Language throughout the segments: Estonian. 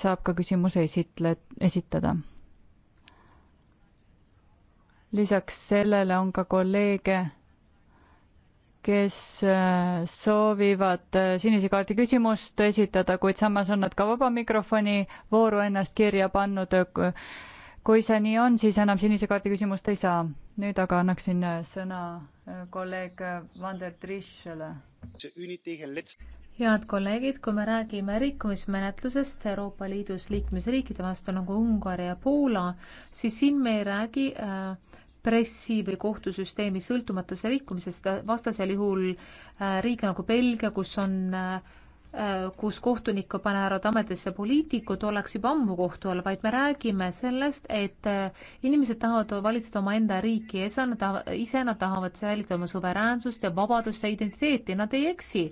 saab ka küsimuse esitle-, esitada. lisaks sellele on ka kolleege, kes äh, soovivad äh, sinise kaardi küsimust esitada, kuid samas on nad ka vaba mikrofoni vooru ennast kirja pannud. kui see nii on, siis enam sinise kaardi küsimust ei saa. nüüd aga annaksin äh, sõna kolleeg Vander Trischele head kolleegid, kui me räägime rikkumismenetlusest Euroopa Liidus liikmesriikide vastu nagu Ungari ja Poola, siis siin me ei räägi äh, pressi või kohtusüsteemi sõltumatuse rikkumisest, vastasel juhul äh, riik nagu Belgia, kus on äh, Äh, kus kohtunikku panevad ametisse poliitikud, ollakse juba ammu kohtu all, vaid me räägime sellest, et äh, inimesed tahavad valitseda omaenda riiki ja ise nad tahavad, ise nad tahavad säilitada oma suveräänsust ja vabadust ja identiteeti, nad ei eksi.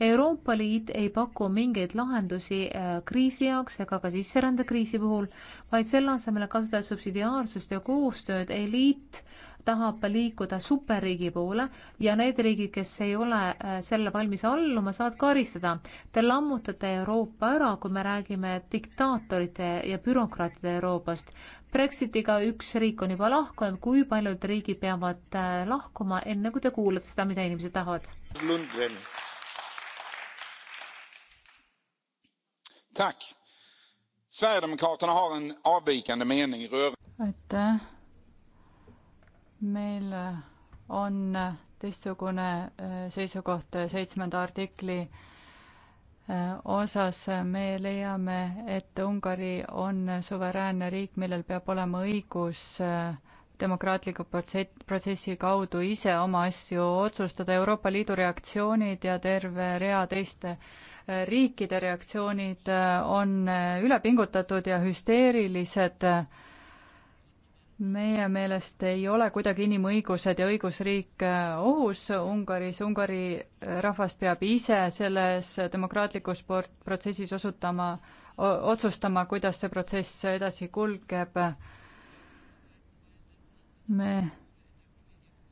Euroopa Liit ei paku mingeid lahendusi äh, kriisi jaoks ega ka sisserändekriisi puhul, vaid selle asemel, et kasutada subsidiaarsust ja koostööd, eliit äh, tahab liikuda superriigi poole ja need riigid, kes ei ole äh, selle valmis alluma, saavad karistada. Te lammutate Euroopa ära, kui me räägime diktaatorite ja bürokraatide Euroopast. Brexitiga üks riik on juba lahkunud, kui paljud riigid peavad äh, lahkuma, enne kui te kuulate seda, mida inimesed tahavad? aitäh, meil on teistsugune äh, seisukoht äh, seitsmenda artikli äh, osas. me leiame, et Ungari on suveräänne riik, millel peab olema õigus demokraatliku protsess, protsessi kaudu ise oma asju otsustada. Euroopa Liidu reaktsioonid ja terve rea teiste riikide reaktsioonid on ülepingutatud ja hüsteerilised meie meelest ei ole kuidagi inimõigused ja õigusriik äh, ohus Ungaris, Ungari äh, rahvas peab ise selles demokraatlikus protsessis osutama, otsustama, kuidas see protsess edasi kulgeb. me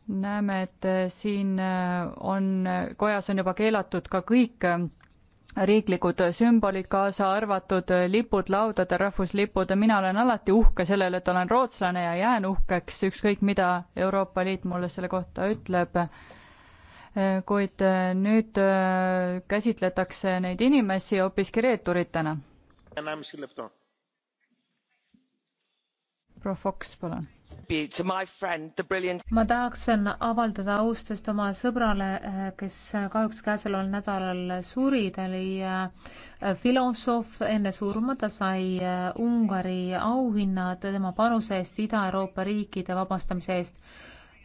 näeme, et äh, siin on, kojas on juba keelatud ka kõik riiklikud sümbolid, kaasa arvatud lipud laudadel, rahvuslipud, mina olen alati uhke selle üle, et olen rootslane ja jään uhkeks, ükskõik mida Euroopa Liit mulle selle kohta ütleb. kuid nüüd käsitletakse neid inimesi hoopiski reeturitena. proua Fox, palun ma tahaksin avaldada austust oma sõbrale, eh, kes kahjuks käesoleval nädalal suri, ta oli eh, filosoof enne surma, ta sai eh, Ungari auhinna tema panuse eest Ida-Euroopa riikide vabastamise eest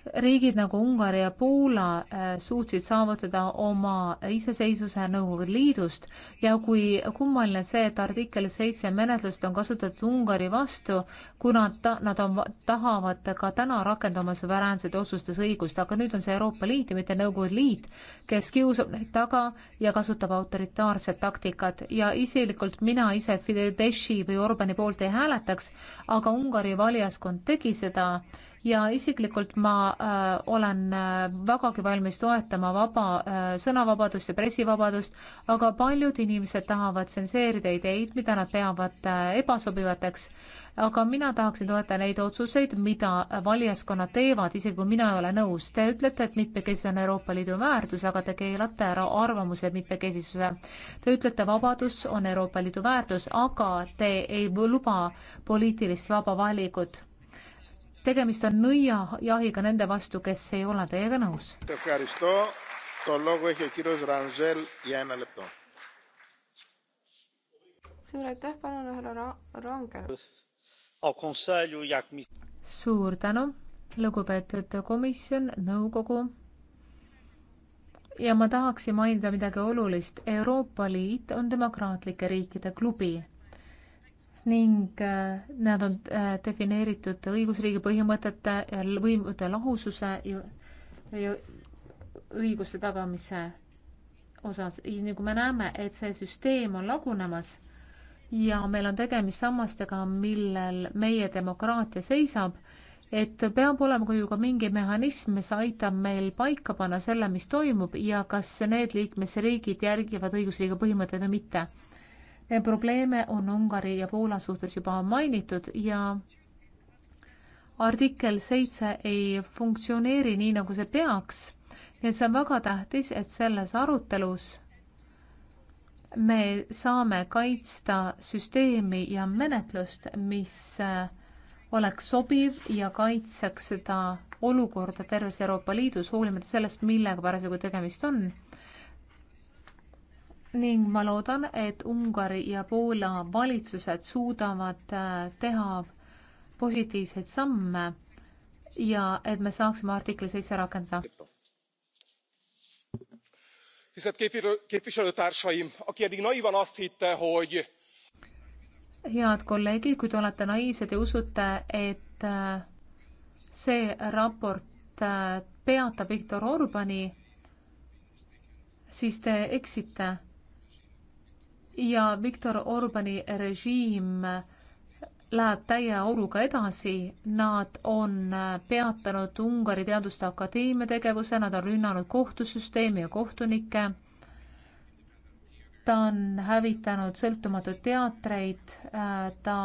riigid nagu Ungari ja Poola äh, suutsid saavutada oma iseseisvuse Nõukogude Liidust ja kui kummaline see, et artikkel seitse menetlust on kasutatud Ungari vastu, kuna ta, nad on, tahavad ka täna rakendama suveräänset otsustusõigust, aga nüüd on see Euroopa Liit ja mitte Nõukogude Liit, kes kiusab neid taga ja kasutab autoritaarset taktikat ja isiklikult mina ise Fideszi või Orbani poolt ei hääletaks, aga Ungari valijaskond tegi seda ja isiklikult ma äh, olen äh, vägagi valmis toetama vaba äh, sõnavabadust ja pressivabadust, aga paljud inimesed tahavad tsenseerida ideid, mida nad peavad äh, ebasobivateks. aga mina tahaksin toetada neid otsuseid, mida valijaskonnad teevad, isegi kui mina ei ole nõus. Te ütlete, et mitmekesisus on Euroopa Liidu väärtus, aga te keelate ära arvamuse mitmekesisuse. Te ütlete, vabadus on Euroopa Liidu väärtus, aga te ei luba poliitilist vaba valikut tegemist on nõiajahiga nende vastu, kes ei ole teiega nõus. suur aitäh, palun härra Rangel. suur tänu, lugupeetud komisjon, nõukogu. ja ma tahaksin mainida midagi olulist. Euroopa Liit on demokraatlike riikide klubi ning äh, nad on äh, defineeritud õigusriigi põhimõtete ja võimude lahususe ja, ja õiguste tagamise osas. nagu me näeme, et see süsteem on lagunemas ja meil on tegemist sammastega, millel meie demokraatia seisab, et peab olema ka ju ka mingi mehhanism, mis aitab meil paika panna selle, mis toimub ja kas need liikmesriigid järgivad õigusriigi põhimõtteid või mitte Eh, probleeme on Ungari ja Poola suhtes juba mainitud ja artikkel seitse ei funktsioneeri nii, nagu see peaks. nii et see on väga tähtis, et selles arutelus me saame kaitsta süsteemi ja menetlust, mis eh, oleks sobiv ja kaitseks seda olukorda terves Euroopa Liidus, hoolimata sellest, millega parasjagu tegemist on ning ma loodan, et Ungari ja Poola valitsused suudavad äh, teha positiivseid samme ja et me saaksime artikli seitse rakendada. tisztelt képviselőtársaim, aki eddig naivan azt hitte, hogy head kolleegid, kui te olete naiivsed ja usute, et äh, see raport äh, peatab Viktor Orbani, siis te eksite ja Viktor Orbani režiim läheb täie auruga edasi, nad on peatanud Ungari Teaduste Akadeemia tegevuse, nad on rünnanud kohtusüsteemi ja kohtunikke. ta on hävitanud sõltumatuid teatreid, ta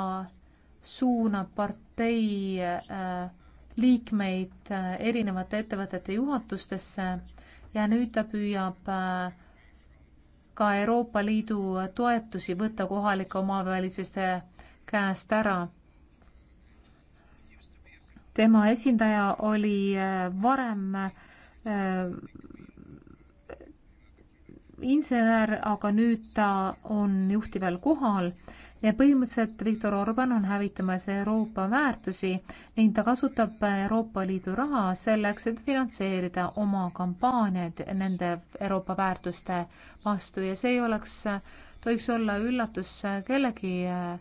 suunab partei äh, liikmeid äh, erinevate ettevõtete juhatustesse ja nüüd ta püüab äh, ka Euroopa Liidu toetusi võtta kohalike omavalitsuste käest ära. tema esindaja oli eh, varem eh, insener, aga nüüd ta on juhtival kohal ja põhimõtteliselt Viktor Orban on hävitamas Euroopa väärtusi ning ta kasutab Euroopa Liidu raha selleks, et finantseerida oma kampaaniaid nende Euroopa väärtuste vastu ja see ei oleks, tohiks olla üllatus kellegi äh,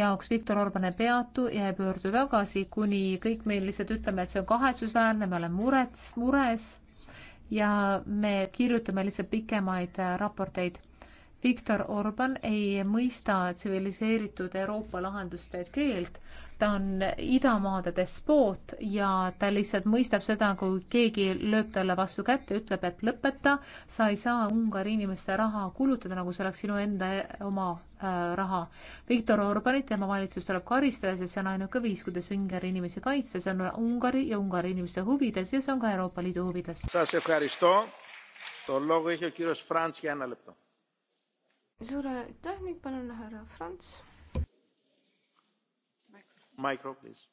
jaoks Viktor Orban ei peatu ja ei pöördu tagasi, kuni kõik meil lihtsalt ütleme, et see on kahetsusväärne, me oleme mures, mures ja me kirjutame lihtsalt pikemaid raporteid. Viktor Orban ei mõista tsiviliseeritud Euroopa lahenduste keelt. ta on idamaade despoot ja ta lihtsalt mõistab seda, kui keegi lööb talle vastu kätt ja ütleb, et lõpeta, sa ei saa Ungari inimeste raha kulutada, nagu see oleks sinu enda oma äh, raha. Viktor Orbanit, tema valitsus tuleb karistada, sest see on ainuke viis, kuidas Ungari inimesi kaitsta, see on Ungari ja Ungari inimeste huvides ja see on ka Euroopa Liidu huvides suur aitäh, nüüd palun härra Franz. Mikro, please.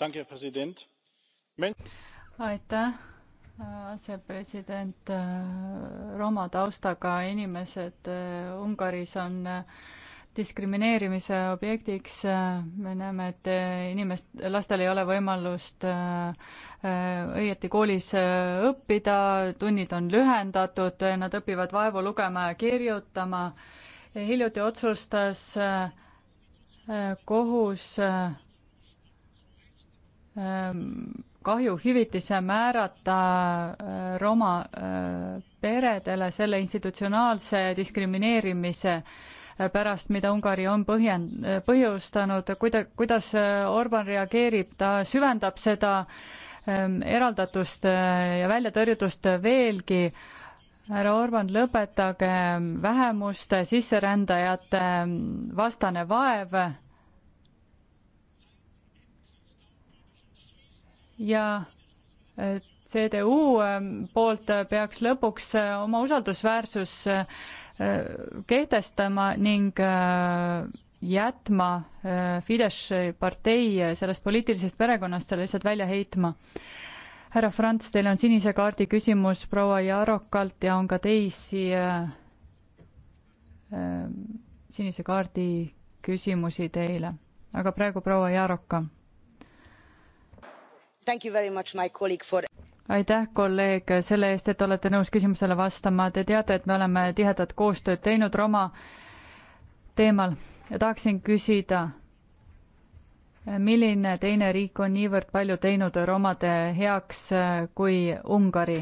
Danke, president. aitäh, äh, asepresident. Äh, Roma taustaga inimesed äh, Ungaris on äh, diskrimineerimise objektiks, äh, me näeme, et äh, inimest, lastel ei ole võimalust äh, õieti koolis õppida, tunnid on lühendatud, nad õpivad vaevu lugema ja kirjutama. hiljuti otsustas kohus kahjuhüvitise määrata roma peredele selle institutsionaalse diskrimineerimise pärast, mida Ungari on põhjend-, põhjustanud, kuida-, kuidas Orban reageerib, ta süvendab seda ähm, eraldatust äh, ja väljatõrjutust veelgi. härra Orban, lõpetage ähm, vähemuste, sisserändajate ähm, vastane vaev ja äh, CDU poolt peaks lõpuks äh, oma usaldusväärsus Äh, kehtestama ning äh, jätma äh, Fideszi partei sellest poliitilisest perekonnast, selle lihtsalt välja heitma. härra Franz, teil on sinise kaardi küsimus proua Jarokalt ja on ka teisi sinise kaardi küsimusi teile, aga praegu proua Jaroka. For aitäh, kolleeg, selle eest, et olete nõus küsimusele vastama. Te teate, et me oleme tihedat koostööd teinud Roma teemal ja tahaksin küsida, milline teine riik on niivõrd palju teinud romade heaks äh, kui Ungari,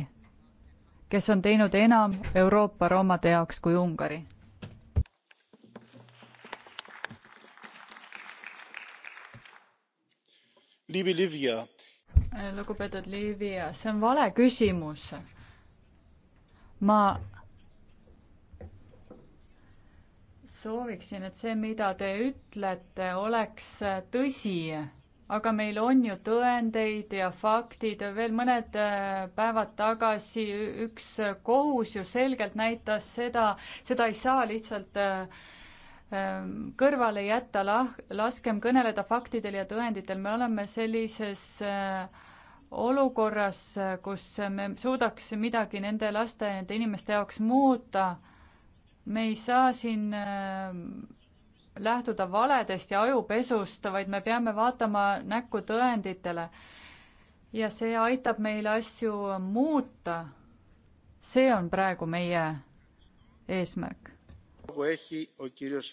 kes on teinud enam Euroopa romade jaoks kui Ungari? Liebe Livia, lugupeetud Livia, see on vale küsimus. ma sooviksin, et see, mida te ütlete, oleks tõsi, aga meil on ju tõendeid ja faktid, veel mõned äh, päevad tagasi üks kohus ju selgelt näitas seda, seda ei saa lihtsalt äh, Ähm, kõrvale jätta, lah-, laskem kõneleda faktidel ja tõenditel, me oleme sellises äh, olukorras, äh, kus me suudaks midagi nende laste, nende inimeste jaoks muuta, me ei saa siin äh, lähtuda valedest ja ajupesust, vaid me peame vaatama näkku tõenditele. ja see aitab meil asju muuta. see on praegu meie eesmärk. kogu Eesti on kirjas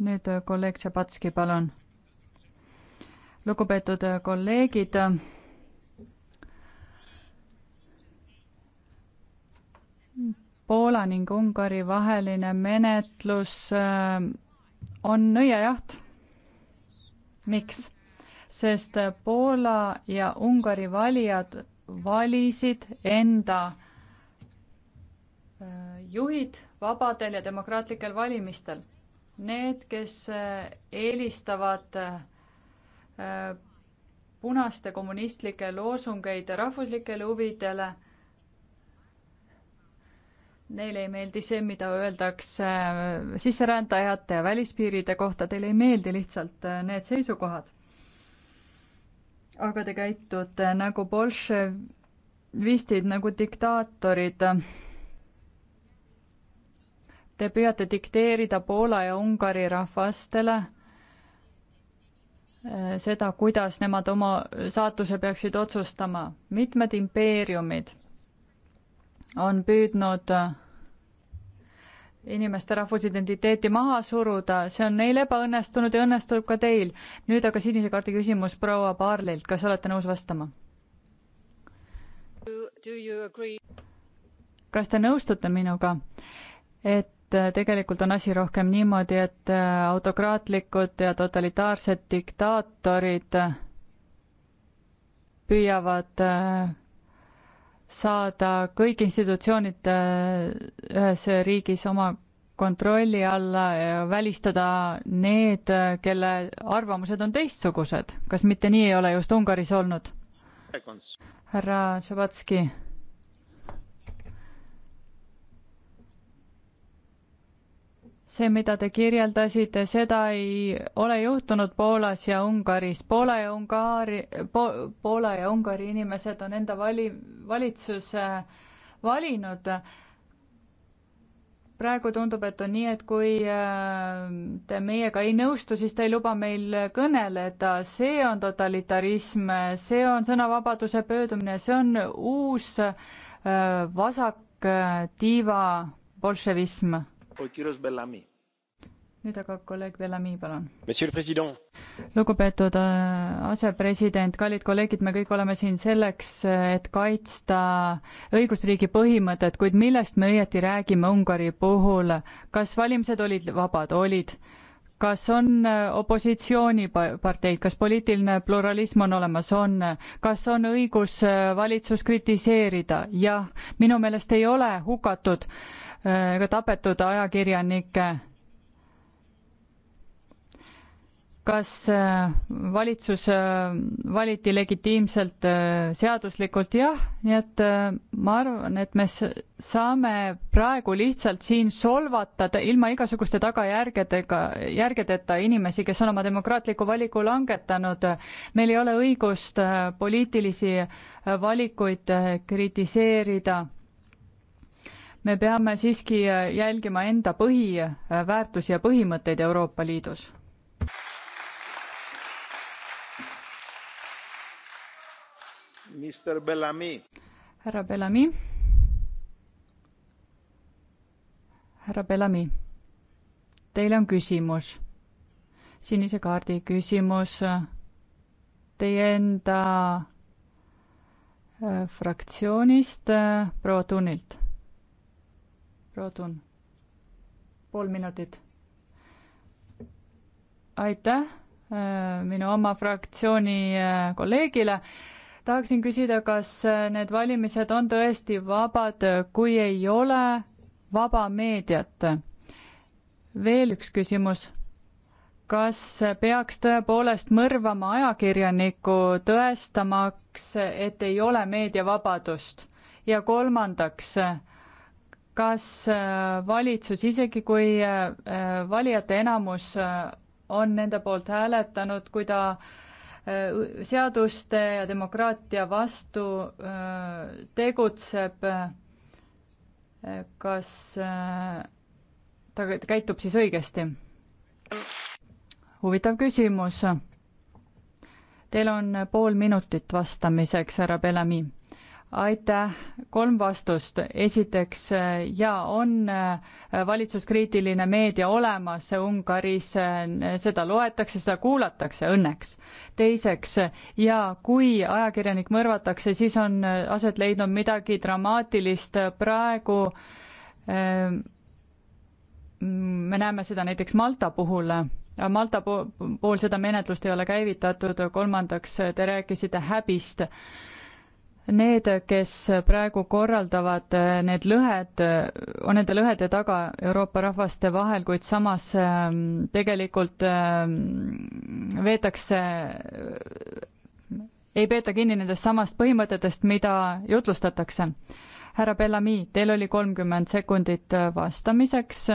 nüüd äh, kolleeg Tšabatski, palun. lugupeetud äh, kolleegid. Äh, Poola ning Ungari vaheline menetlus on nõiajaht. miks? sest Poola ja Ungari valijad valisid enda juhid vabadel ja demokraatlikel valimistel Need, kes äh, eelistavad äh, punaste kommunistlikke loosungeid rahvuslikele huvidele, neile ei meeldi see, mida öeldakse äh, sisserändajate ja välispiiride kohta, teile ei meeldi lihtsalt need seisukohad. aga te käitute nagu bolševistid, nagu diktaatorid Te püüate dikteerida Poola ja Ungari rahvastele eh, seda, kuidas nemad oma saatuse peaksid otsustama. mitmed impeeriumid on püüdnud eh, inimeste rahvusidentiteeti maha suruda, see on neil ebaõnnestunud ja õnnestub ka teil. nüüd aga sinise kaardi küsimus proua Paarlilt, kas olete nõus vastama? kas te nõustute minuga, et et äh, tegelikult on asi rohkem niimoodi, et äh, autokraatlikud ja totalitaarsed diktaatorid äh, püüavad saada kõik institutsioonid ühes riigis oma kontrolli alla ja välistada need, kelle arvamused on teistsugused. kas mitte nii ei ole just Ungaris olnud? härra Šabatski see, mida te kirjeldasite, seda ei ole juhtunud Poolas ja Ungaris. Poola ja Ungari po,, Poola ja Ungari inimesed on enda vali, valitsuse valinud. praegu tundub, et on nii, et kui äh, te meiega ei nõustu, siis te ei luba meil kõneleda. see on totalitarism, see on sõnavabaduse pöördumine, see on uus äh, vasak äh, tiiva bolševism ο κύριος Μπελαμή. nüüd aga kolleeg Bellami, palun. lugupeetud äh, asepresident, kallid kolleegid, me kõik oleme siin selleks, äh, et kaitsta õigusriigi põhimõtet, kuid millest me õieti räägime Ungari puhul, kas valimised olid vabad, olid? kas on äh, opositsiooniparteid, kas poliitiline pluralism on olemas, on, kas on õigus valitsus kritiseerida? jah, minu meelest ei ole hukatud äh, Äh, ka tapetud ajakirjanikke. kas äh, valitsus äh, valiti legitiimselt, seaduslikult, jah, nii et ma arvan, et me saame praegu lihtsalt siin solvata ilma igasuguste tagajärgedega, järgedeta inimesi, kes on oma demokraatliku valiku langetanud. meil ei ole õigust poliitilisi valikuid kritiseerida me peame siiski äh, jälgima enda põhiväärtusi ja põhimõtteid Euroopa Liidus. minister Bellami. härra Bellami. härra Bellami, teile on küsimus, sinise kaardi küsimus äh, teie enda äh, fraktsioonist proua Tunilt proua Tun, pool minutit. aitäh äh, minu oma fraktsiooni äh, kolleegile tahaksin küsida, kas äh, need valimised on tõesti vabad, kui ei ole vaba meediat? veel üks küsimus. kas peaks tõepoolest mõrvama ajakirjanikku, tõestamaks, et ei ole meediavabadust? ja kolmandaks, kas äh, valitsus, isegi kui äh, äh, valijate enamus on nende poolt hääletanud, kui ta seaduste ja demokraatia vastu tegutseb, kas ta käitub siis õigesti? huvitav küsimus. Teil on pool minutit vastamiseks, härra Bellami aitäh, kolm vastust. esiteks, jaa, on äh, valitsuskriitiline meedia olemas Ungaris, äh, seda loetakse, seda kuulatakse õnneks. teiseks, jaa, kui ajakirjanik mõrvatakse, siis on äh, aset leidnud midagi dramaatilist, praegu me näeme seda näiteks Malta puhul Malta pool seda menetlust ei ole käivitatud, kolmandaks te rääkisite häbist need, kes praegu korraldavad eh, need lõhed, eh, on nende lõhede taga Euroopa rahvaste vahel, kuid samas eh, tegelikult veetakse, ei peeta kinni nendest samast põhimõtetest, mida jutlustatakse. härra Bellami, teil oli kolmkümmend sekundit vastamiseks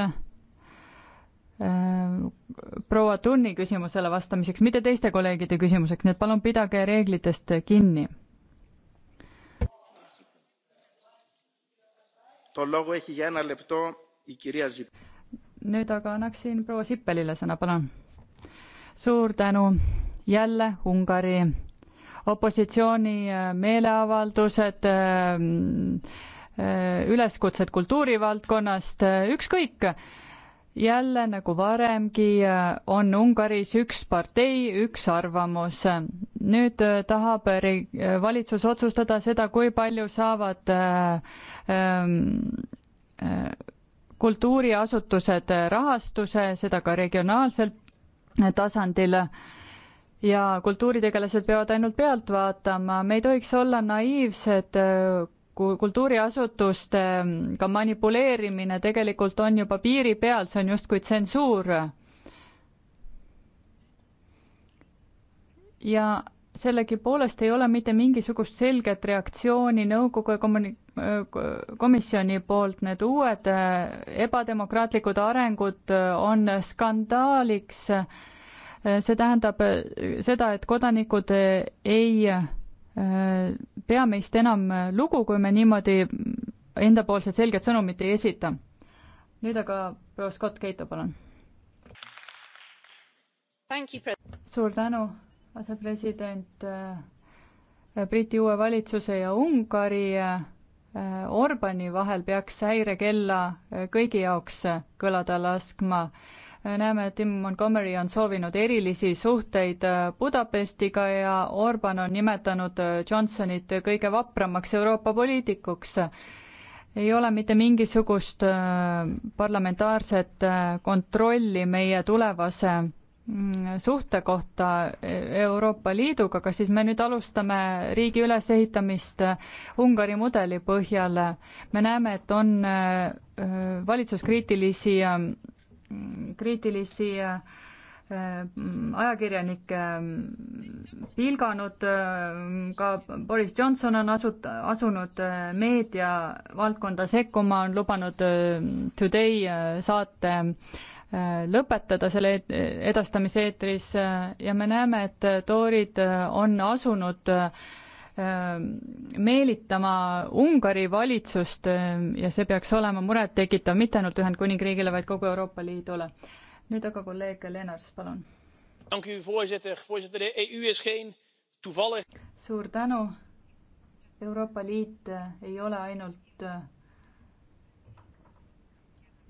proua Tunni küsimusele vastamiseks, mitte teiste kolleegide küsimuseks, nii et palun pidage reeglitest kinni nüüd aga annaksin proua Sippelile sõna, palun. suur tänu, jälle Ungari opositsiooni äh, meeleavaldused, äh, äh, üleskutsed kultuurivaldkonnast, ükskõik jälle nagu varemgi äh, on Ungaris üks partei, üks arvamus. nüüd äh, tahab äh, valitsus otsustada seda, kui palju saavad äh, ähm, äh, kultuuriasutused rahastuse, seda ka regionaalsel tasandil ja kultuuritegelased peavad ainult pealt vaatama, me ei tohiks olla naiivsed kultuuriasutustega mm, manipuleerimine tegelikult on juba piiri peal, see on justkui tsensuur. ja sellegipoolest ei ole mitte mingisugust selget reaktsiooni nõukogu ja kommuni-, komisjoni poolt, need uued äh, ebademokraatlikud arengud äh, on skandaaliks. Äh, see tähendab seda, et kodanikud ei Äh, pea meist enam äh, lugu, kui me niimoodi endapoolset selget sõnumit ei esita. nüüd aga proua Scott Keito, palun. suur tänu, asepresident äh, Briti uue valitsuse ja Ungari Orbani vahel peaks häirekella kõigi jaoks kõlada laskma näeme, et Tim Montgomery on soovinud erilisi suhteid äh, Budapestiga ja Orban on nimetanud äh, Johnsonit kõige vapramaks Euroopa poliitikuks. ei ole mitte mingisugust äh, parlamentaarset kontrolli meie tulevase mm, suhte kohta e, Euroopa Liiduga, kas siis me nüüd alustame riigi ülesehitamist Ungari mudeli põhjal? me näeme, et on valitsuskriitilisi kriitilisi äh, ajakirjanikke ähm, pilganud, äh, ka Boris Johnson on asut-, asunud äh, meediavaldkonda sekkuma, on lubanud Today saate lõpetada selle edastamise eetris ja me näeme, et toorid on asunud Ähm, meelitama Ungari valitsust ähm, ja see peaks olema murettekitav mitte ainult Ühendkuningriigile, vaid kogu Euroopa Liidule. nüüd aga kolleeg Lennarts, palun. E suur tänu. Euroopa Liit äh, ei ole ainult äh,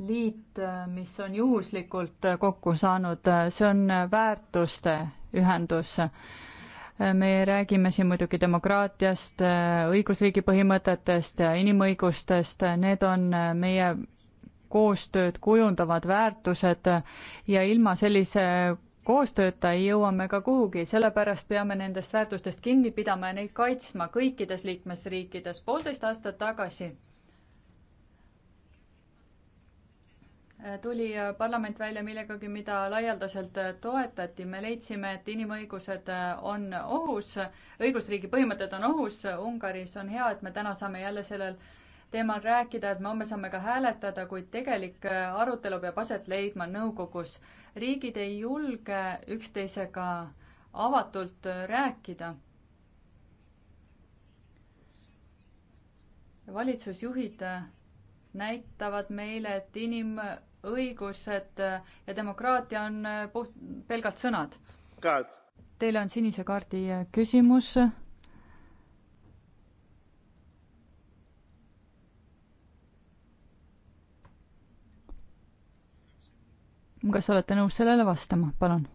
liit, äh, mis on juhuslikult kokku saanud, see on väärtuste ühendus me räägime siin muidugi demokraatiast, õigusriigi põhimõtetest ja inimõigustest, need on meie koostööd kujundavad väärtused ja ilma sellise koostööta ei jõua me ka kuhugi, sellepärast peame nendest väärtustest kinni pidama ja neid kaitsma kõikides liikmesriikides. poolteist aastat tagasi tuli äh, parlament välja millegagi, mida laialdaselt äh, toetati. me leidsime, et inimõigused äh, on ohus, õigusriigi põhimõtted on ohus Ungaris. on hea, et me täna saame jälle sellel teemal rääkida, et me homme saame ka hääletada, kuid tegelik arutelu peab aset leidma nõukogus. riigid ei julge üksteisega avatult rääkida. valitsusjuhid näitavad meile, et inim- õigused äh, ja demokraatia on äh, puht, pelgalt sõnad. Teile on sinise kaardi äh, küsimus. kas olete nõus sellele vastama, palun?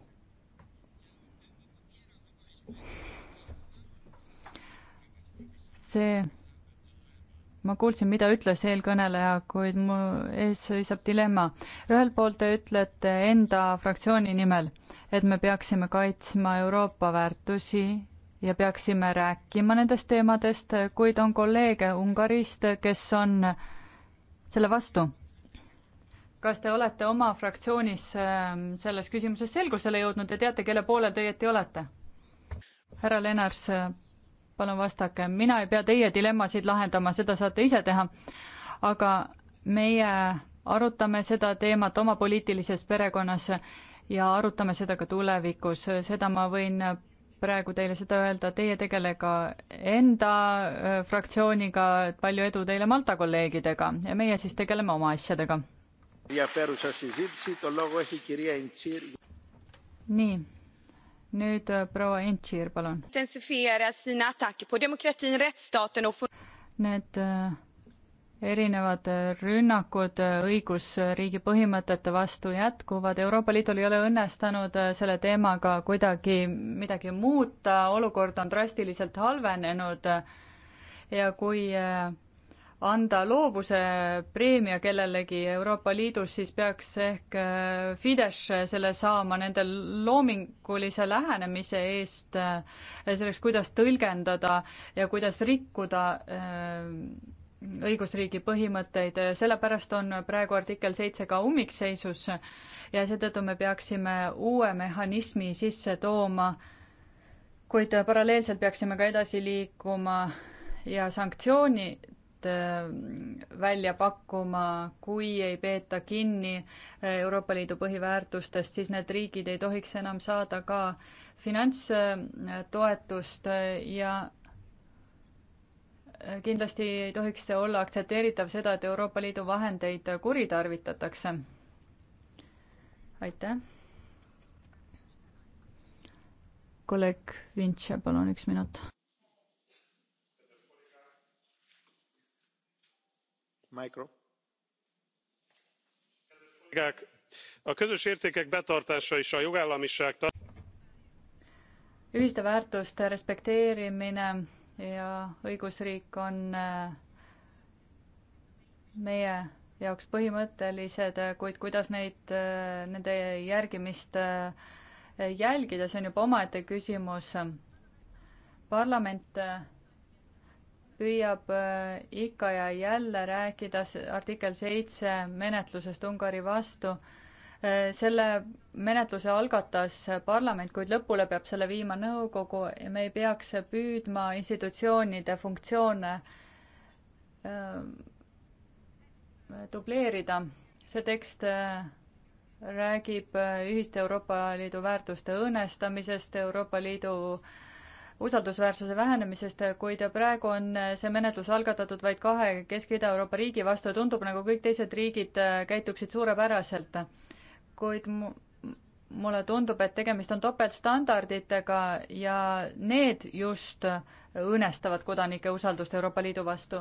see ma kuulsin, mida ütles eelkõneleja, kuid mu ees seisab dilemma. ühelt poolt te ütlete enda fraktsiooni nimel, et me peaksime kaitsma Euroopa väärtusi ja peaksime rääkima nendest teemadest, kuid on kolleege Ungarist, kes on selle vastu kas te olete oma fraktsioonis ähm, selles küsimuses selgusele jõudnud ja teate, kelle poolel te õieti olete? härra Lennars, palun vastake, mina ei pea teie dilemmasid lahendama, seda saate ise teha, aga meie arutame seda teemat oma poliitilises perekonnas ja arutame seda ka tulevikus, seda ma võin praegu teile seda öelda, teie tegelega enda äh, fraktsiooniga, palju edu teile Malta kolleegidega ja meie siis tegeleme oma asjadega. nii nüüd äh, proua Intšir, palun. Need äh, erinevad äh, rünnakud õigusriigi põhimõtete vastu jätkuvad, Euroopa Liidul ei ole õnnestunud selle teemaga kuidagi midagi muuta, olukord on drastiliselt halvenenud ja kui anda loovuse preemia kellelegi Euroopa Liidus, siis peaks ehk äh, Fidesz selle saama nende loomingulise lähenemise eest, äh, selleks, kuidas tõlgendada ja kuidas rikkuda äh, õigusriigi põhimõtteid, sellepärast on praegu artikkel seitse ka ummikseisus ja seetõttu me peaksime uue mehhanismi sisse tooma, kuid paralleelselt peaksime ka edasi liikuma ja sanktsiooni Äh, välja pakkuma, kui ei peeta kinni äh, Euroopa Liidu põhiväärtustest, siis need riigid ei tohiks enam saada ka finantstoetust äh, ja kindlasti ei tohiks see olla aktsepteeritav seda, et Euroopa Liidu vahendeid kuritarvitatakse. aitäh. kolleeg Vintše, palun üks minut a közös értékek betartása és a jogállamiság. ühiste väärtuste respekteerimine ja õigusriik on äh, meie jaoks põhimõttelised, äh, kuid kuidas neid, äh, nende järgimist jälgida, see on juba omaette küsimus. parlament püüab äh, ikka ja jälle rääkida artikkel seitse menetlusest Ungari vastu. Äh, selle menetluse algatas parlament, kuid lõpule peab selle viima nõukogu ja me ei peaks püüdma institutsioonide funktsioone äh, dubleerida. see tekst räägib ühiste Euroopa Liidu väärtuste õõnestamisest, Euroopa Liidu äh, usaldusväärsuse vähenemisest, kuid praegu on see menetlus algatatud vaid kahe Kesk-Ida-Euroopa riigi vastu ja tundub, nagu kõik teised riigid äh, käituksid suurepäraselt. kuid mu-, mulle tundub, et tegemist on topeltstandarditega ja need just õõnestavad kodanike usaldust Euroopa Liidu vastu.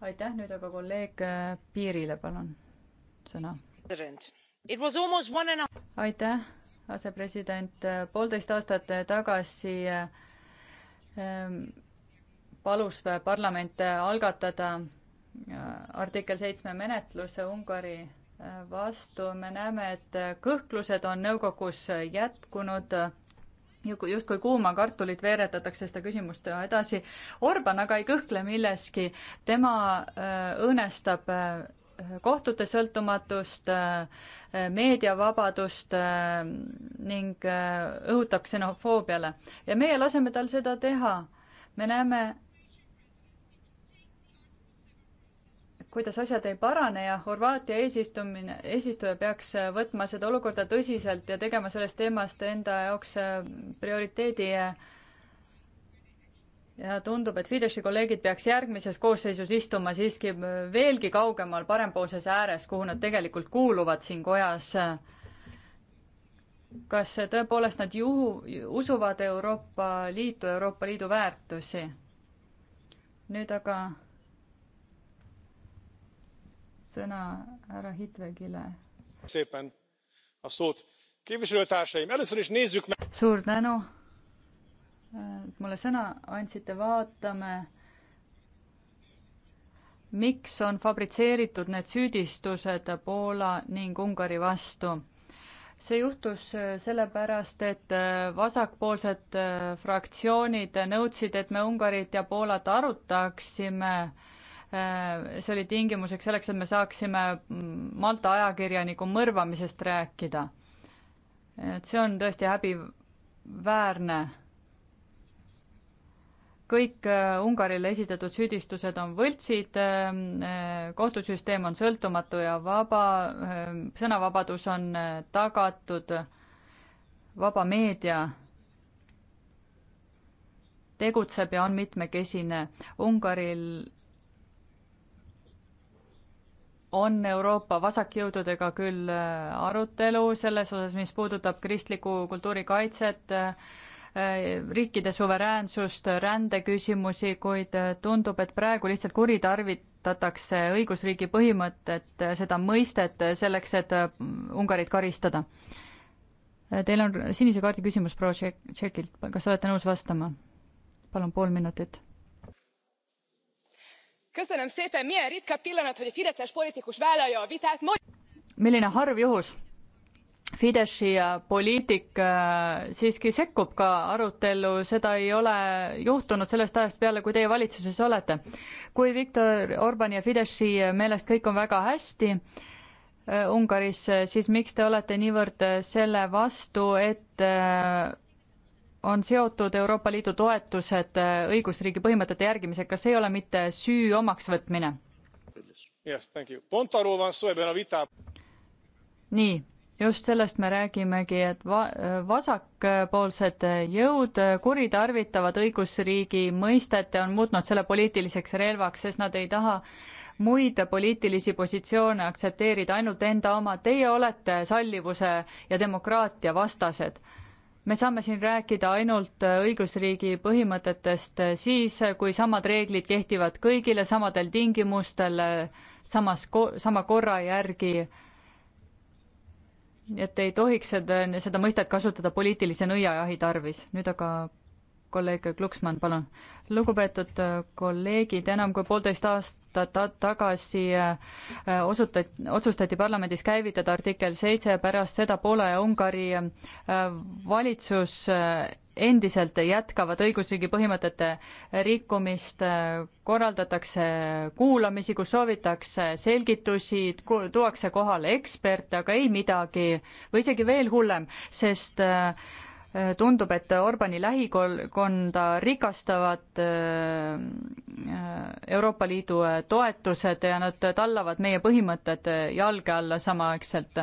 aitäh, nüüd aga kolleeg äh, Piirile, palun sõna. aitäh asepresident, poolteist aastat tagasi äh, Ehm, palus parlament algatada äh, artikkel seitsme menetluse Ungari äh, vastu. me näeme, et kõhklused on nõukogus jätkunud justkui kuuma kartulit veeretatakse seda küsimust edasi. Orban aga ei kõhkle milleski, tema äh, õõnestab kohtute sõltumatust, meediavabadust äh, ning äh, õhutab ksenofoobiale. ja meie laseme tal seda teha. me näeme, kuidas asjad ei parane ja Horvaatia eesistumine, eesistuja peaks võtma seda olukorda tõsiselt ja tegema sellest teemast enda jaoks äh, prioriteedi ja tundub, et Fideszi kolleegid peaks järgmises koosseisus istuma siiski veelgi kaugemal parempoolses ääres, kuhu nad tegelikult kuuluvad siin kojas. kas tõepoolest nad juhu, usuvad Euroopa Liitu, Euroopa Liidu väärtusi? nüüd aga sõna härra Hitvegile. suur tänu et mulle sõna andsite, vaatame, miks on fabritseeritud need süüdistused Poola ning Ungari vastu see juhtus äh, sellepärast, et äh, vasakpoolsed äh, fraktsioonid nõudsid, et me Ungarit ja Poolat arutaksime. see oli tingimuseks selleks, et me saaksime mm, Malta ajakirjaniku mõrvamisest rääkida. et see on tõesti häbiväärne kõik äh, Ungarile esitatud süüdistused on võltsid, äh, äh, kohtusüsteem on sõltumatu ja vaba, sõnavabadus on tagatud, vaba meedia tegutseb ja on mitmekesine. Ungaril on Euroopa vasakjõududega küll arutelu selles osas, mis puudutab kristliku kultuuri kaitset, Äh, riikide suveräänsust, rändeküsimusi, kuid äh, tundub, et praegu lihtsalt kuritarvitatakse õigusriigi põhimõtet, äh, seda mõistet selleks, et Ungarit karistada. Teil on sinise kaardi küsimus proua Tšekilt, kas olete nõus vastama? palun pool minutit milline harv juhus! Fideszi äh, poliitik äh, siiski sekkub ka arutellu, seda ei ole juhtunud sellest ajast peale, kui teie valitsuses olete. kui Viktor Orbani ja Fideszi meelest kõik on väga hästi äh, Ungaris, siis miks te olete niivõrd selle vastu, et on seotud Euroopa Liidu toetused õigusriigi põhimõtete järgimisega, kas ei ole mitte süü omaksvõtmine yes,? nii just sellest me räägimegi, et va-, vasakpoolsed jõud kuritarvitavad õigusriigi mõistet ja on muutnud selle poliitiliseks relvaks, sest nad ei taha muid poliitilisi positsioone aktsepteerida, ainult enda oma. Teie olete sallivuse ja demokraatia vastased. me saame siin rääkida ainult õigusriigi põhimõtetest siis, kui samad reeglid kehtivad kõigile samadel tingimustel, samas ko-, sama korra järgi et ei tohiks seda, seda mõistet kasutada poliitilise nõiajahi tarvis. nüüd aga kolleeg Kluksmann, palun. lugupeetud äh, kolleegid, enam kui poolteist aastat tagasi äh, osutati, otsustati parlamendis käivitada artikkel seitse ja pärast seda Poola ja Ungari äh, valitsus endiselt jätkavad õigusriigi põhimõtete rikkumist, korraldatakse kuulamisi, kus soovitakse selgitusi, tuuakse kohale eksperte, aga ei midagi või isegi veel hullem, sest äh, tundub, et Orbani lähikonda rikastavad äh, äh, Euroopa Liidu toetused ja nad tallavad meie põhimõtted jalge alla samaaegselt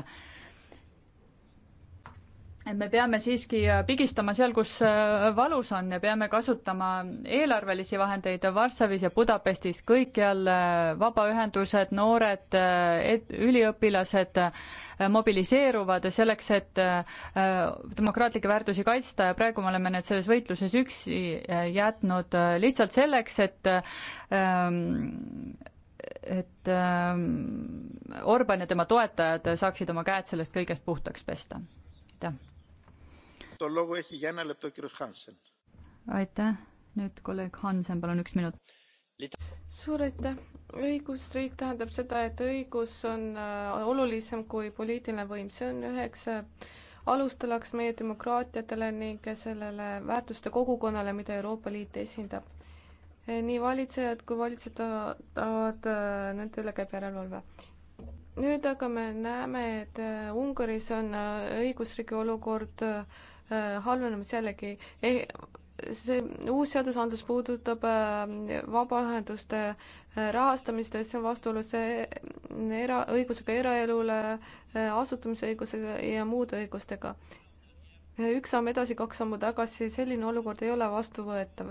et me peame siiski äh, pigistama seal, kus äh, valus on ja peame kasutama eelarvelisi vahendeid Varssavis ja Budapestis, kõikjal äh, vabaühendused, noored, üliõpilased mobiliseeruvad selleks, et demokraatlikke väärtusi kaitsta ja praegu me oleme need selles võitluses üksi jätnud lihtsalt selleks, et ähm, et ähm, Orban ja tema toetajad saaksid oma käed sellest kõigest puhtaks pesta. aitäh! aitäh, nüüd kolleeg Hansen, palun üks minut. suur aitäh, õigusriik tähendab seda, et õigus on äh, olulisem kui poliitiline võim, see on üheks äh, alustalaks meie demokraatiatele ning sellele väärtuste kogukonnale, mida Euroopa Liit esindab. Äh, nii valitsejad kui valitsetavad, nende üle käib järelevalve. nüüd aga me näeme, et Ungaris on õigusriigi olukord äh, Äh, halvenemas jällegi eh,, see uus seadusandlus puudutab äh, vabaühenduste äh, rahastamist, see on vastuolus era, õigusega eraelule, asutamisõigusega ja muude õigustega. üks samm edasi, kaks sammu tagasi, selline olukord ei ole vastuvõetav.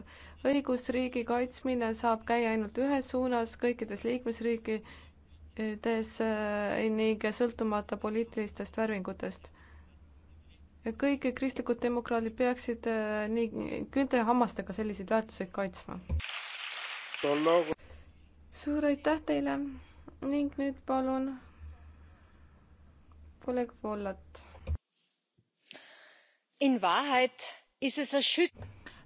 õigusriigi kaitsmine saab käia ainult ühes suunas kõikides liikmesriikides ning sõltumata poliitilistest värvingutest kõik kristlikud demokraadid peaksid äh, nii küünte ja hammastega selliseid väärtuseid kaitsma. suur aitäh teile ning nüüd palun kolleeg Vollat.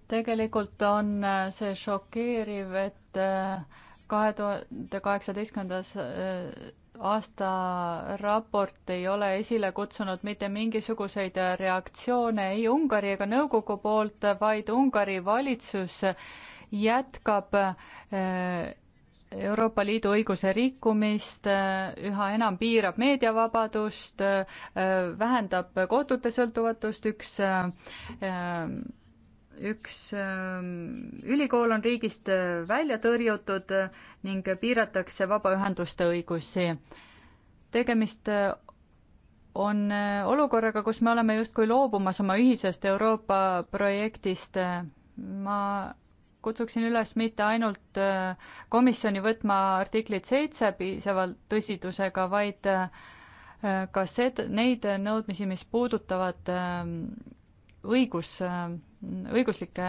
tegelikult on äh, see šokeeriv, et äh, kahe tuhande kaheksateistkümnendas aastaraport ei ole esile kutsunud mitte mingisuguseid reaktsioone ei Ungari ega nõukogu poolt, vaid Ungari valitsus jätkab eh, Euroopa Liidu õiguse rikkumist, eh, üha enam piirab meediavabadust, eh, vähendab kohtute sõltuvatust, üks üks ähm, ülikool on riigist äh, välja tõrjutud äh, ning piiratakse vabaühenduste õigusi. tegemist äh, on olukorraga, kus me oleme justkui loobumas oma ühisest Euroopa projektist. ma kutsuksin üles mitte ainult komisjoni võtma artiklit seitse piisavalt tõsidusega, vaid ka seda, neid nõudmisi, mis puudutavad ähm, õigus õiguslike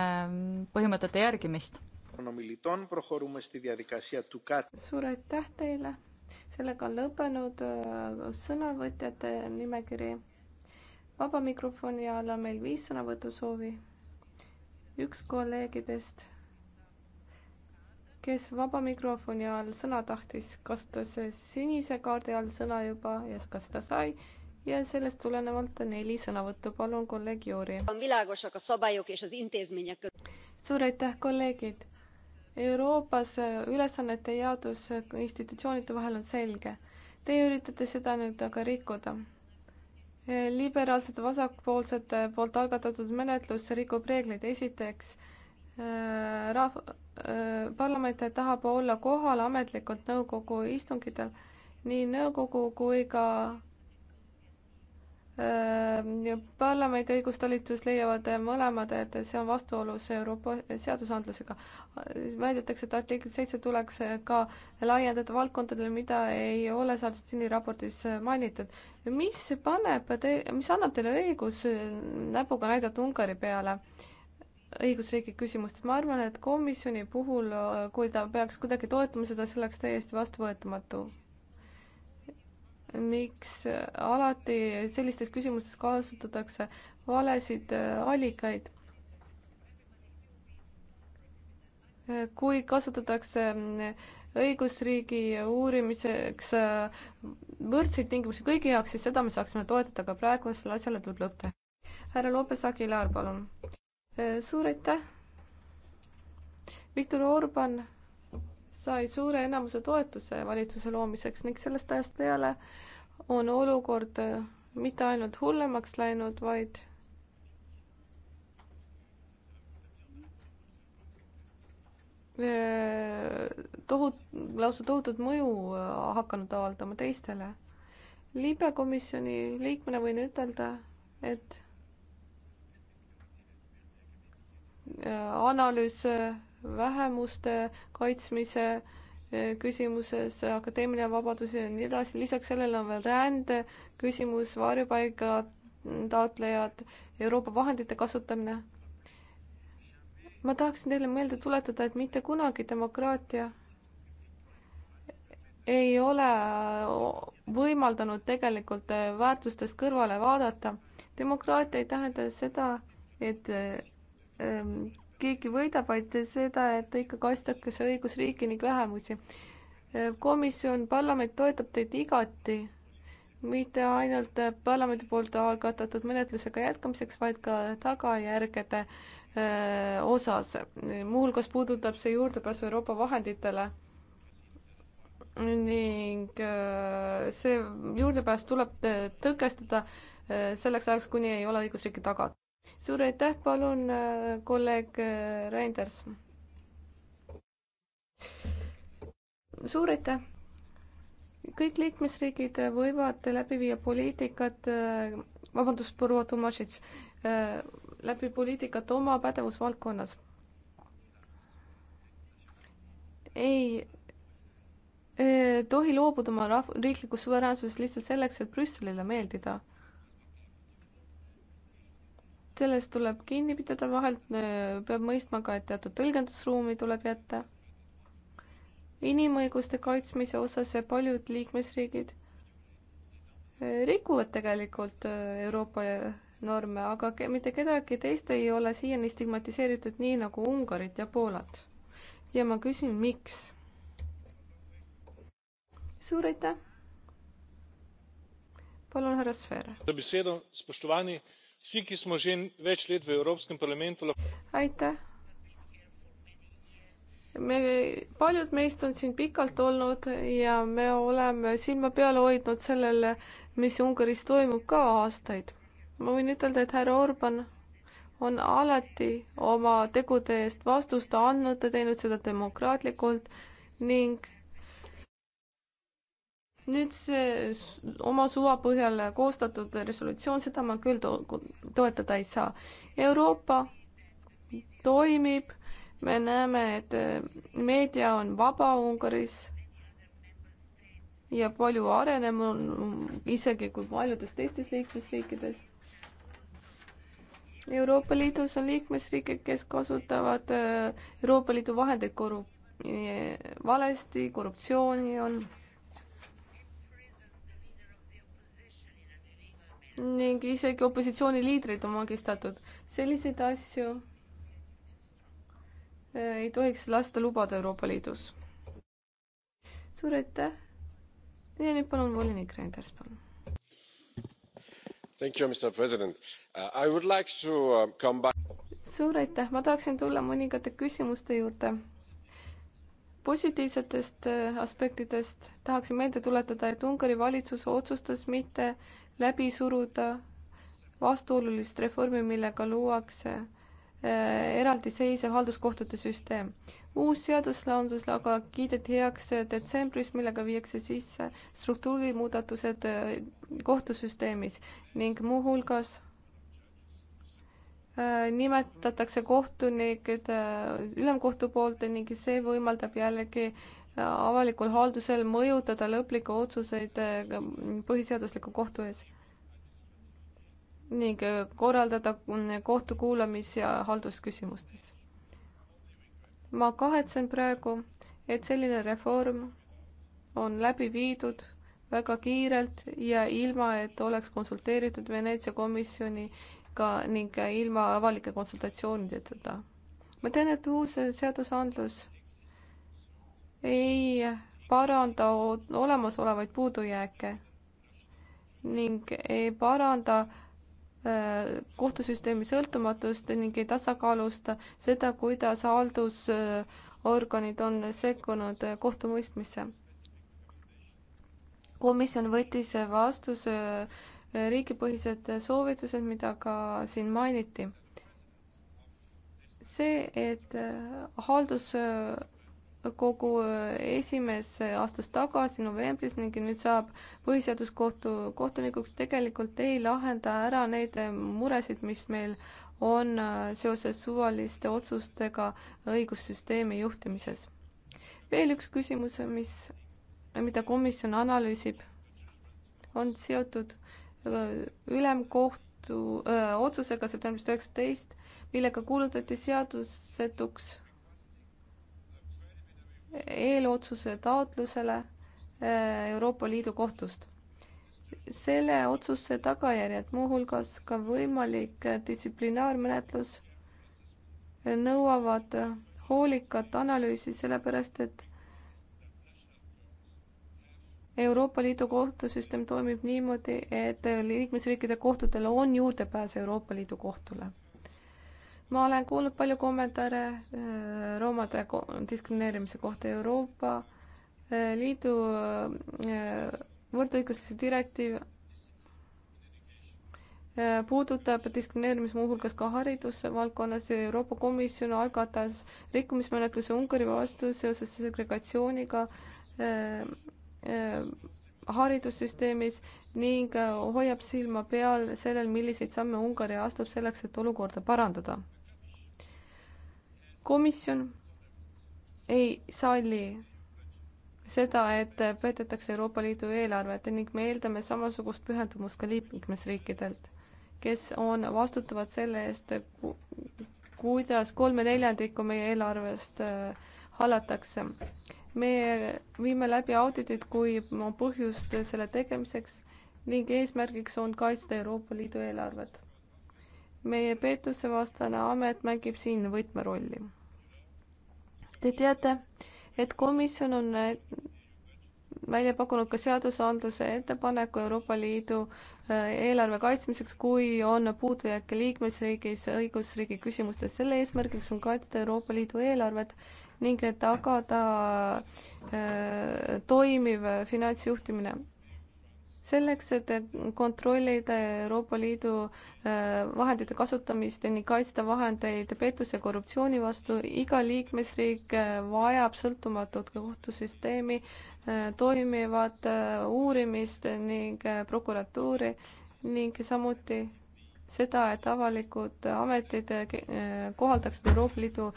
põhimõtete järgimist. suur aitäh teile, sellega on lõppenud äh, sõnavõtjate nimekiri. vaba mikrofoni all on meil viis sõnavõtusoovi. üks kolleegidest, kes vaba mikrofoni all sõna tahtis, kasutas sinise kaardi all sõna juba ja ka seda sai ja sellest tulenevalt neli sõnavõttu, palun, kolleeg Juri. suur aitäh, kolleegid. Euroopas ülesannete jaotus institutsioonide vahel on selge. Teie üritate seda nüüd aga rikkuda liberaalsete vasakpoolsete poolt algatatud menetlus rikub reegleid. esiteks äh,, rahv- äh,, parlament tahab olla kohal ametlikult nõukogu istungitel, nii nõukogu kui ka Ehm, parlamendi õigustalitus leiavad mõlemad, et see on vastuolus Euroopa seadusandlusega. väidetakse, et artikkel seitse tuleks ka laiendada valdkondadele, mida ei ole Sartsini raportis mainitud. mis paneb te, mis annab teile õigus näpuga näidata Ungari peale? õigusriigi küsimust, ma arvan, et komisjoni puhul, kui ta peaks kuidagi toetama seda, see oleks täiesti vastuvõetamatu miks alati sellistes küsimustes kasutatakse valesid äh, allikaid. kui kasutatakse äh, õigusriigi uurimiseks äh, võrdseid tingimusi kõigi jaoks, siis seda me saaksime toetada, aga praegu sellele asjale tuleb lõpp teha. härra Lopes Aguilar, palun. suur aitäh. Viktor Orban sai suure enamuse toetuse valitsuse loomiseks ning sellest ajast peale on olukord mitte ainult hullemaks läinud, vaid tohut-, lausa tohutut mõju hakanud avaldama teistele. libekomisjoni liikmena võin ütelda, et analüüs vähemuste kaitsmise eh, küsimuses, akadeemiline vabadus ja nii edasi, lisaks sellele on veel rände küsimus, varjupaiga taotlejad, Euroopa vahendite kasutamine. ma tahaksin teile meelde tuletada, et mitte kunagi demokraatia ei ole võimaldanud tegelikult eh, väärtustest kõrvale vaadata. demokraatia ei tähenda seda, et eh, keegi võidab, vaid seda, et ikka kaitstakse õigusriiki ning vähemusi. komisjon, parlament toetab teid igati, mitte ainult parlamendi poolt algatatud menetlusega jätkamiseks, vaid ka tagajärgede öö, osas. muuhulgas puudutab see juurdepääsu Euroopa vahenditele ning see juurdepääs tuleb tõkestada selleks ajaks, kuni ei ole õigusriiki tagatud suur aitäh, palun äh, kolleeg äh, Reinders. suur aitäh. kõik liikmesriigid võivad läbi viia poliitikat, äh, vabandust, proua Tomašits, läbi poliitikat oma pädevusvaldkonnas. ei tohi loobuda oma rahv-, riiklikust suveräänsusest lihtsalt selleks, et Brüsselile meeldida sellest tuleb kinni pidada, vahelt peab mõistma ka, et teatud tõlgendusruumi tuleb jätta. inimõiguste kaitsmise osas paljud liikmesriigid rikuvad tegelikult Euroopa norme, aga ke mitte kedagi teist ei ole siiani stigmatiseeritud nii nagu Ungarit ja Poolat. ja ma küsin, miks? suur aitäh! palun, härra Sver aitäh! me, paljud meist on siin pikalt olnud ja me oleme silma peal hoidnud sellele, mis Ungaris toimub ka aastaid. ma võin ütelda, et härra Orban on alati oma tegude eest vastust andnud, ta teinud seda demokraatlikult ning nüüd see oma suva põhjal koostatud resolutsioon, seda ma küll to-, toetada ei saa. Euroopa toimib, me näeme, et äh, meedia on vaba Ungaris ja palju arenem on isegi kui paljudes teistes liikmesriikides. Euroopa Liidus on liikmesriike, kes kasutavad äh, Euroopa Liidu vahendeid koru-, valesti, korruptsiooni on ning isegi opositsiooniliidrid on vangistatud. selliseid asju äh, ei tohiks lasta lubada Euroopa Liidus. suur aitäh. ja nüüd palun volinik Reinders, palun. Thank you, Mr President uh,. I would like to uh, come back. suur aitäh, ma tahaksin tulla mõningate küsimuste juurde. positiivsetest äh, aspektidest tahaksin meelde tuletada, et Ungari valitsus otsustas mitte läbi suruda vastuolulist reformi, millega luuakse äh, eraldiseisev halduskohtute süsteem. uus seaduslandus aga kiideti heaks detsembris, millega viiakse sisse struktuurimuudatused äh, kohtusüsteemis ning muuhulgas äh, nimetatakse kohtunikud ülemkohtu poolt ning see võimaldab jällegi avalikul haldusel mõjutada lõplikke otsuseid äh, põhiseadusliku kohtu ees ning äh, korraldada mm, kohtukuulamis- ja haldusküsimustes. ma kahetsen praegu, et selline reform on läbi viidud väga kiirelt ja ilma, et oleks konsulteeritud Veneetsia komisjoniga ning äh, ilma avalike konsultatsioonideta. ma tean, et uus seadusandlus ei paranda olemasolevaid puudujääke ning ei paranda äh, kohtusüsteemi sõltumatust ning ei tasakaalusta seda, kuidas haldusorganid on sekkunud kohtumõistmisse. komisjon võttis vastuse äh, riigipõhised soovitused, mida ka siin mainiti. see, et äh, haldus kogu äh, esimees astus tagasi novembris ning nüüd saab põhiseaduskohtu kohtunikuks, tegelikult ei lahenda ära neid äh, muresid, mis meil on äh, seoses suvaliste otsustega õigussüsteemi juhtimises. veel üks küsimus, mis, mida komisjon analüüsib, on seotud ülemkohtu öö, otsusega septembrist üheksateist, millega kuulutati seadusetuks eelotsuse taotlusele äh, Euroopa Liidu kohtust. selle otsuse tagajärjed, muuhulgas ka võimalik distsiplinaarmenetlus, nõuavad hoolikat analüüsi, sellepärast et Euroopa Liidu kohtusüsteem toimib niimoodi, et liikmesriikide kohtutel on juurdepääs Euroopa Liidu kohtule ma olen kuulnud palju kommentaare äh, roomade diskrimineerimise kohta Euroopa äh, Liidu äh, võrdõiguslikkuse direktiiv puudutab diskrimineerimist muuhulgas ka haridusvaldkonnas. Euroopa Komisjon algatas rikkumismenetluse Ungari vastu seoses segregatsiooniga haridussüsteemis ning hoiab silma peal sellel, milliseid samme Ungari astub selleks, et olukorda parandada komisjon ei salli seda, et petetakse Euroopa Liidu eelarvet ning me eeldame samasugust pühendumust ka liikmesriikidelt, kes on vastutavad selle eest, kuidas kolme neljandikku meie eelarvest äh, hallatakse. me viime läbi auditid, kui on põhjust selle tegemiseks ning eesmärgiks on kaitsta Euroopa Liidu eelarvet. meie peetusevastane amet mängib siin võtmerolli Te teate, et komisjon on välja pakkunud ka seadusandluse ettepaneku Euroopa Liidu äh, eelarve kaitsmiseks, kui on puudujääke liikmesriigis õigusriigi küsimustes. selle eesmärgiks on kaitsta Euroopa Liidu eelarvet ning tagada äh, toimiv finantsjuhtimine selleks, et kontrollida Euroopa Liidu äh, vahendite kasutamist ning kaitsta vahendeid pettuse ja korruptsiooni vastu, iga liikmesriik äh, vajab sõltumatut kohtusüsteemi, äh, toimivat uurimist ning prokuratuuri ning samuti seda, et avalikud ametid kohaldaksid Euroopa Liidu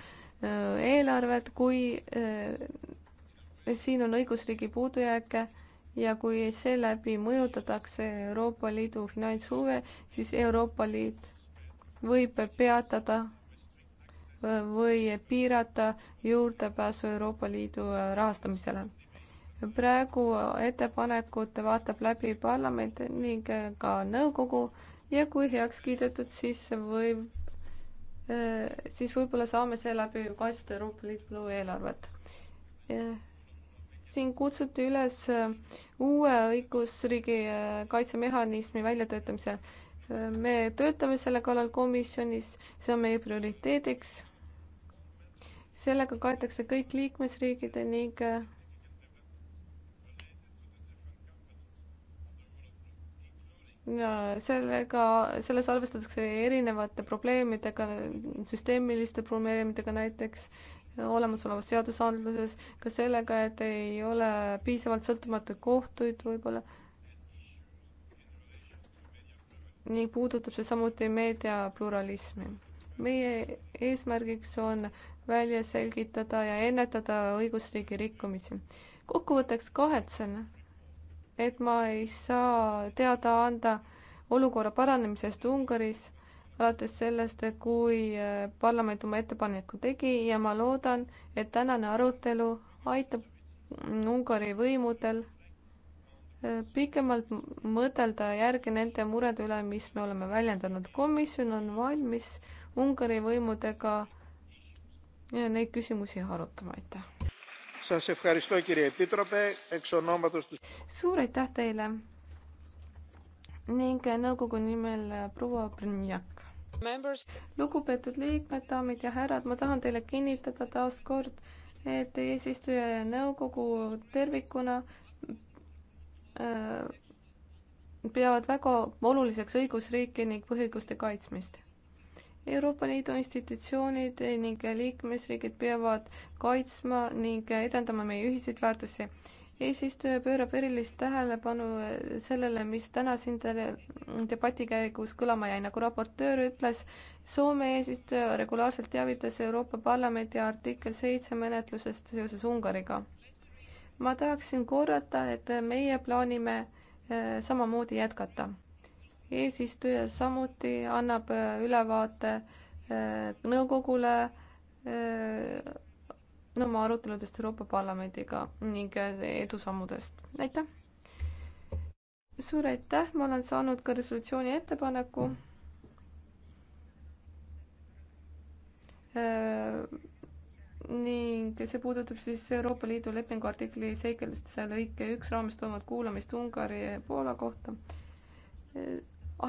eelarvet, kui siin on õigusriigi puudujääke ja kui seeläbi mõjutatakse Euroopa Liidu finantshuve, siis Euroopa Liit võib peatada äh, või piirata juurdepääsu Euroopa Liidu äh, rahastamisele. praegu ettepanekut vaatab läbi parlament ning äh, ka nõukogu ja kui heaks kiidetud, siis võib, siis võib-olla saame seeläbi kaitsta Euroopa Liidu eelarvet siin kutsuti üles äh, uue õigusriigi äh, kaitsemehhanismi väljatöötamise. Äh, me töötame selle kallal komisjonis, see on meie prioriteediks. sellega kaetakse kõik liikmesriigid ning ja sellega, selles arvestatakse erinevate probleemidega, süsteemiliste probleemidega näiteks olemasolevas seadusandluses, ka sellega, et ei ole piisavalt sõltumatuid kohtuid võib-olla. ning puudutab see samuti meedia pluralismi. meie eesmärgiks on välja selgitada ja ennetada õigusriigi rikkumisi. kokkuvõtteks kahetsen, et ma ei saa teada anda olukorra paranemisest Ungaris alates sellest, kui äh, parlament oma ettepaneku tegi ja ma loodan, et tänane arutelu aitab Ungari võimudel äh, pikemalt mõtelda järgi nende murede üle, mis me oleme väljendanud. komisjon on valmis Ungari võimudega äh, neid küsimusi arutama, aitäh. suur aitäh teile ning nõukogu nimel proua Brnjak lugupeetud liikmed, daamid ja härrad, ma tahan teile kinnitada taaskord, et eesistuja ja nõukogu tervikuna äh, peavad väga oluliseks õigusriiki ning põhiõiguste kaitsmist. Euroopa Liidu institutsioonid ning liikmesriigid peavad kaitsma ning edendama meie ühiseid väärtusi eesistuja pöörab erilist tähelepanu sellele, mis täna siin debati käigus kõlama jäi, nagu raportöör ütles, Soome eesistuja regulaarselt teavitas Euroopa Parlamendi artikkel seitse menetlusest seoses Ungariga. ma tahaksin korrata, et meie plaanime äh, samamoodi jätkata. eesistuja samuti annab ülevaate äh, nõukogule äh, oma aruteludest Euroopa Parlamendiga ning eh, edusammudest. aitäh! suur aitäh, ma olen saanud ka resolutsiooni ettepaneku. Äh, ning see puudutab siis Euroopa Liidu lepingu artikli seikleldest lõike üks raames toimuvat kuulamist Ungari ja Poola kohta. Äh,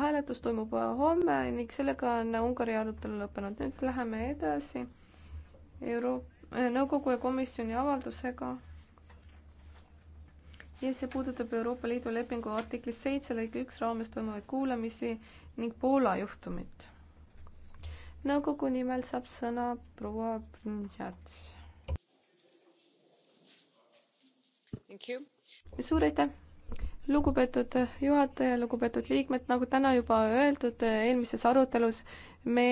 hääletus toimub homme ning sellega on Ungari arutelu lõppenud, nüüd läheme edasi Euroopa Äh, nõukogu ja komisjoni avaldusega ja see puudutab Euroopa Liidu lepingu artiklis seitse lõike üks raames toimuvaid kuulamisi ning Poola juhtumit. nõukogu nimel saab sõna proua Brnjats. suur aitäh! lugupeetud juhataja, lugupeetud liikmed, nagu täna juba öeldud eelmises arutelus, me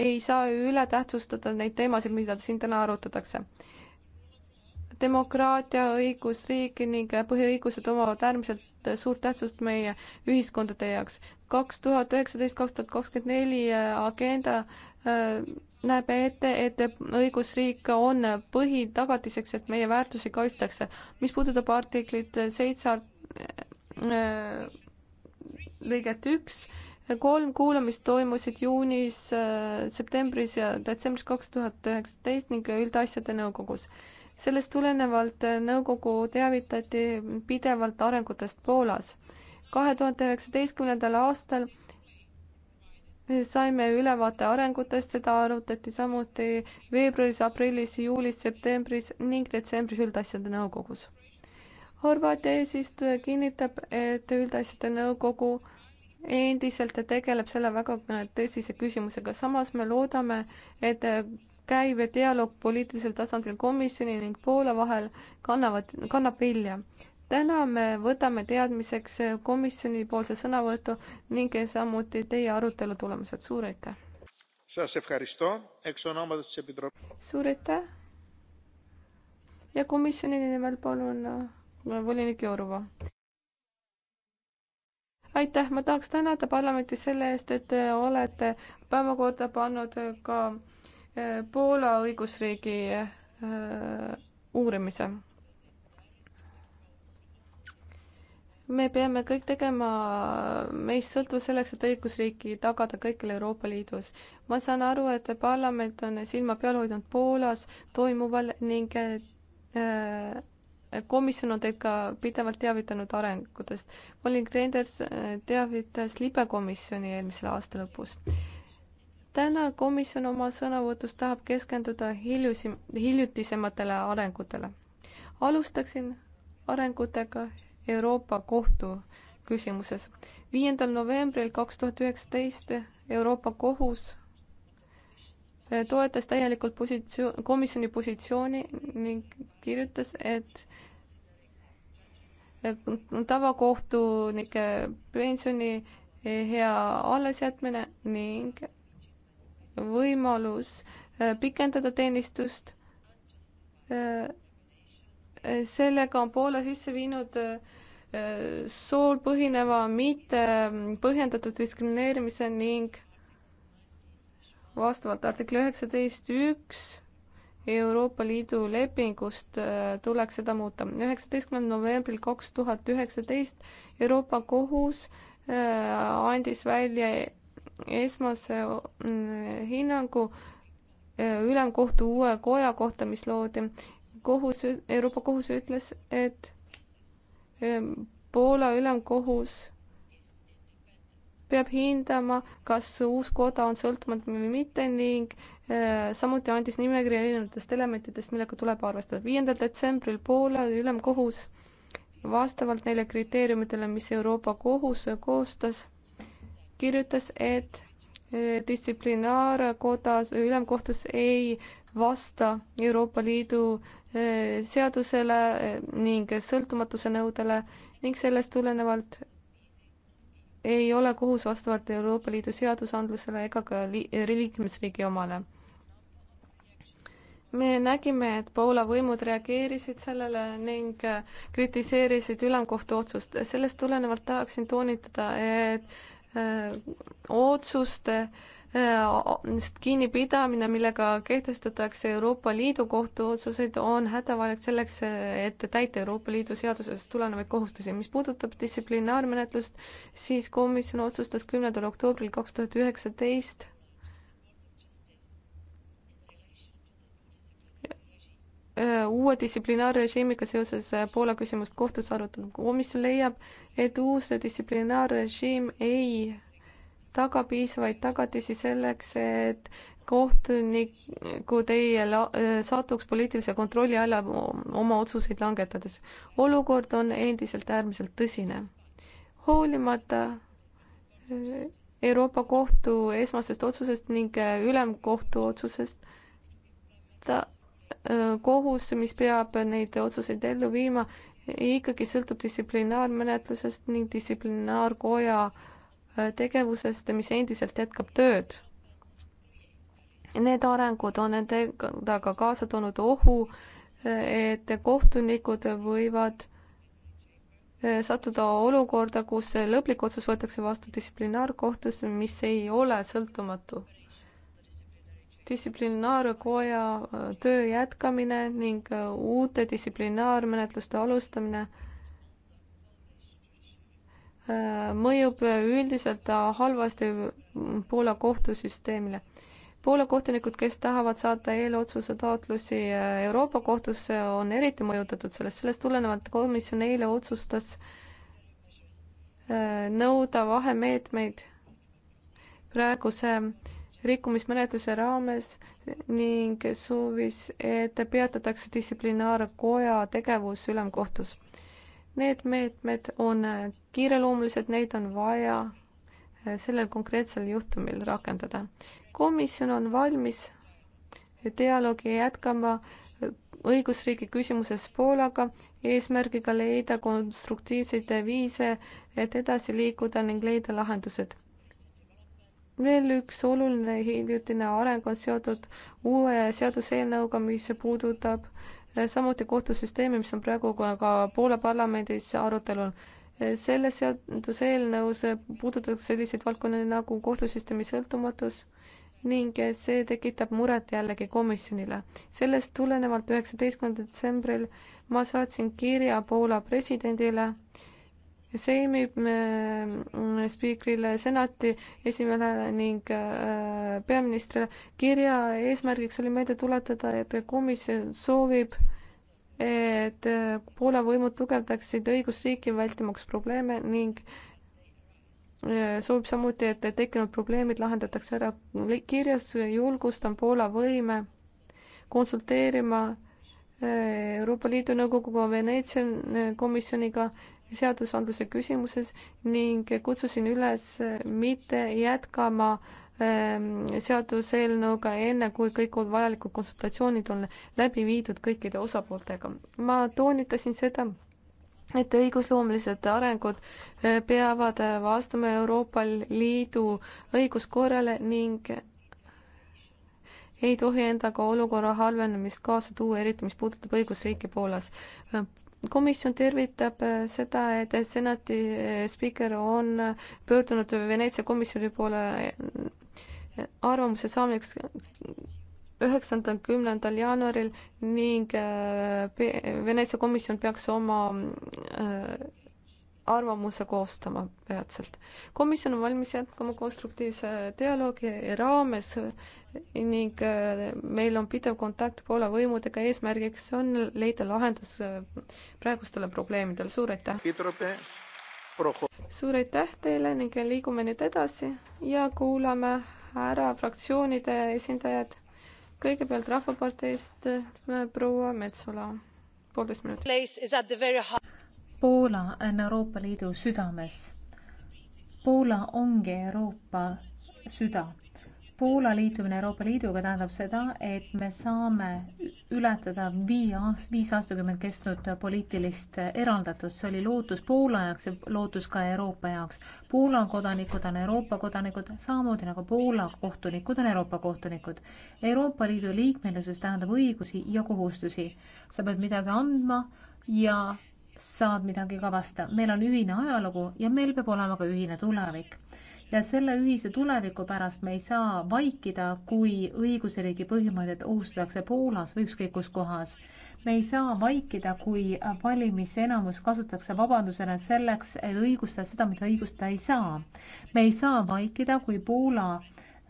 ei saa üle tähtsustada neid teemasid, mida siin täna arutatakse. demokraatia, õigusriik ning põhiõigused omavad äärmiselt suurt tähtsust meie ühiskondade jaoks. kaks tuhat üheksateist, kaks tuhat kakskümmend neli agenda äh, näeb ette, et õigusriik on põhitagatiseks, et meie väärtusi kaitstakse. mis puudutab artiklit seitse Äh, lõiget üks. kolm kuulamist toimusid juunis, äh, septembris ja detsembris kaks tuhat üheksateist ning üldasjade nõukogus. sellest tulenevalt äh, nõukogu teavitati pidevalt arengutest Poolas. kahe tuhande üheksateistkümnendal aastal saime ülevaate arengutest, seda arutati samuti veebruaris, aprillis, juulis, septembris ning detsembris üldasjade nõukogus. Horvaatia eesistuja kinnitab, et üldasjade nõukogu endiselt tegeleb selle väga tõsise küsimusega, samas me loodame, et käiv dialoog poliitilisel tasandil komisjoni ning Poola vahel kannavad, kannab vilja. täna me võtame teadmiseks komisjoni poolse sõnavõtu ning samuti teie arutelu tulemused, suur aitäh! suur aitäh! ja komisjoni nimel palun volinik Jourova. aitäh, ma tahaks tänada parlamenti selle eest, et te olete päevakorda pannud ka eh, Poola õigusriigi eh, uurimise. me peame kõik tegema meist sõltuv selleks, et õigusriiki tagada kõikjal Euroopa Liidus. ma saan aru, et parlament on silma peal hoidnud Poolas toimuval ning eh, komisjon on teid ka pidevalt teavitanud arengutest. Colin Grenders eh, teavitas libekomisjoni eelmisel aasta lõpus. täna komisjon oma sõnavõtus tahab keskenduda hiljusi, hiljutisematele arengutele. alustaksin arengutega Euroopa Kohtu küsimuses. viiendal novembril kaks tuhat üheksateist Euroopa Kohus Äh, toetas täielikult positsioon, komisjoni positsiooni ning kirjutas, et tavakohtunike pensioni äh, hea allesjätmine ning võimalus äh, pikendada teenistust. sellega on Poola sisse viinud sool põhineva mitte põhjendatud diskrimineerimise ning vastavalt artikli üheksateist üks Euroopa Liidu lepingust äh, tuleks seda muuta. üheksateistkümnendal novembril kaks tuhat üheksateist Euroopa Kohus äh, andis välja esmase mm, hinnangu äh, ülemkohtu uue koja kohta, mis loodi. kohus, Euroopa Kohus ütles, et Poola ülemkohus peab hindama, kas uus koda on sõltumatu või mitte ning äh, samuti andis nimekirja erinevatest elementidest, millega tuleb arvestada. viiendal detsembril Poola ülemkohus vastavalt neile kriteeriumitele, mis Euroopa Kohus koostas, kirjutas, et äh, distsiplinaarkodas, ülemkohtus ei vasta Euroopa Liidu äh, seadusele ning sõltumatuse nõudele ning sellest tulenevalt ei ole kohus vastavalt Euroopa Liidu seadusandlusele ega ka liikmesriigi omale. me nägime, et Poola võimud reageerisid sellele ning kritiseerisid ülemkohtu otsust. sellest tulenevalt tahaksin toonitada, et öö, äh, otsuste öö, kinnipidamine, millega kehtestatakse Euroopa Liidu kohtuotsuseid, on hädavajalik selleks, et täita Euroopa Liidu seadusest tulenevaid kohustusi. mis puudutab distsiplinaarmenetlust, siis komisjon otsustas kümnendal oktoobril kaks tuhat üheksateist uue distsiplinaarrežiimiga seoses Poola küsimust kohtus arutanud komisjon leiab, et uus distsiplinaarrežiim ei taga piisavaid tagatisi selleks, et kohtunikud ei satuks poliitilise kontrolli alla oma otsuseid langetades. olukord on endiselt äärmiselt tõsine. hoolimata eh, Euroopa Kohtu esmasest otsusest ning eh, Ülemkohtu otsusest, ta, eh, kohus, mis peab neid otsuseid ellu viima, ikkagi sõltub distsiplinaarmenetlusest ning distsiplinaarkoja äh, Äh, tegevusest, mis endiselt jätkab tööd. Need arengud on endaga ka kaasa toonud ohu, äh, et kohtunikud võivad äh, sattuda olukorda, kus lõplik otsus võetakse vastu distsiplinaarkohtusse, mis ei ole sõltumatu. distsiplinaarkoja töö jätkamine ning uute distsiplinaarmenetluste alustamine mõjub üldiselt halvasti Poola kohtusüsteemile. Poola kohtunikud, kes tahavad saata eelotsuse taotlusi Euroopa kohtusse, on eriti mõjutatud sellest, sellest tulenevalt komisjon eile otsustas äh, nõuda vahemeetmeid praeguse rikkumismenetluse raames ning soovis, et peatatakse distsiplinaarkoja tegevus ülemkohtus Need meetmed on äh, kiireloomulised, neid on vaja äh, sellel konkreetsel juhtumil rakendada. komisjon on valmis äh, dialoogi jätkama õigusriigi küsimuses Poolaga, eesmärgiga leida konstruktiivseid viise, et edasi liikuda ning leida lahendused. veel üks oluline hiljutine areng on seotud uue seaduseelnõuga, mis puudutab äh, samuti kohtusüsteemi, mis on praegu ka Poola parlamendis arutelul. selles seaduseelnõus puudutatakse selliseid valdkondi nagu kohtusüsteemi sõltumatus ning see tekitab muret jällegi komisjonile. sellest tulenevalt üheksateistkümnendal detsembril ma saatsin kirja Poola presidendile seimib äh, spiikrile, senati esimehele ning äh, peaministrile. kirja eesmärgiks oli meelde tuletada, et komisjon soovib, et äh, Poola võimud tugevdaksid õigusriiki, vältimaks probleeme ning soovib samuti, et tekkinud probleemid lahendatakse ära. kirjas julgustan Poola võime konsulteerima Euroopa Liidu Nõukoguga, Veneetsia komisjoniga seadusandluse küsimuses ning kutsusin üles mitte jätkama ähm, seaduseelnõuga enne, kui kõik vajalikud konsultatsioonid on läbi viidud kõikide osapooltega. ma toonitasin seda, et õigusloomelised arengud äh, peavad äh, vastama Euroopa Liidu õiguskorrale ning ei tohi endaga olukorra halvenemist kaasa tuua, eriti mis puudutab õigusriiki Poolas komisjon tervitab äh, seda, et senati äh, spiiker on äh, pöördunud Veneetsia komisjoni poole arvamuse saamiseks üheksandal, kümnendal jaanuaril ning Veneetsia komisjon peaks oma arvamuse koostama peatselt. komisjon on valmis jätkama konstruktiivse dialoogi raames ning äh, meil on pidev kontakt Poola võimudega, eesmärgiks on leida lahendus äh, praegustele probleemidele, suur aitäh! suur aitäh teile ning liigume nüüd edasi ja kuulame ära fraktsioonide esindajad. kõigepealt Rahvaparteist äh, proua Metsola, poolteist minutit Poola on Euroopa Liidu südames. Poola ongi Euroopa süda. Poola liitumine Euroopa Liiduga tähendab seda, et me saame ületada viie aast-, viis aastakümmet kestnud poliitilist eraldatust, see oli lootus Poola jaoks ja lootus ka Euroopa jaoks. Poola kodanikud on Euroopa kodanikud, samamoodi nagu Poola kohtunikud on Euroopa kohtunikud. Euroopa Liidu liikmelisus tähendab õigusi ja kohustusi. sa pead midagi andma ja saab midagi ka vasta. meil on ühine ajalugu ja meil peab olema ka ühine tulevik. ja selle ühise tuleviku pärast me ei saa vaikida, kui õigusriigi põhimõtted ohustatakse Poolas või ükskõik kus kohas. me ei saa vaikida, kui valimisenamus kasutatakse vabandusena selleks, et õigustada seda, mida õigustada ei saa. me ei saa vaikida, kui Poola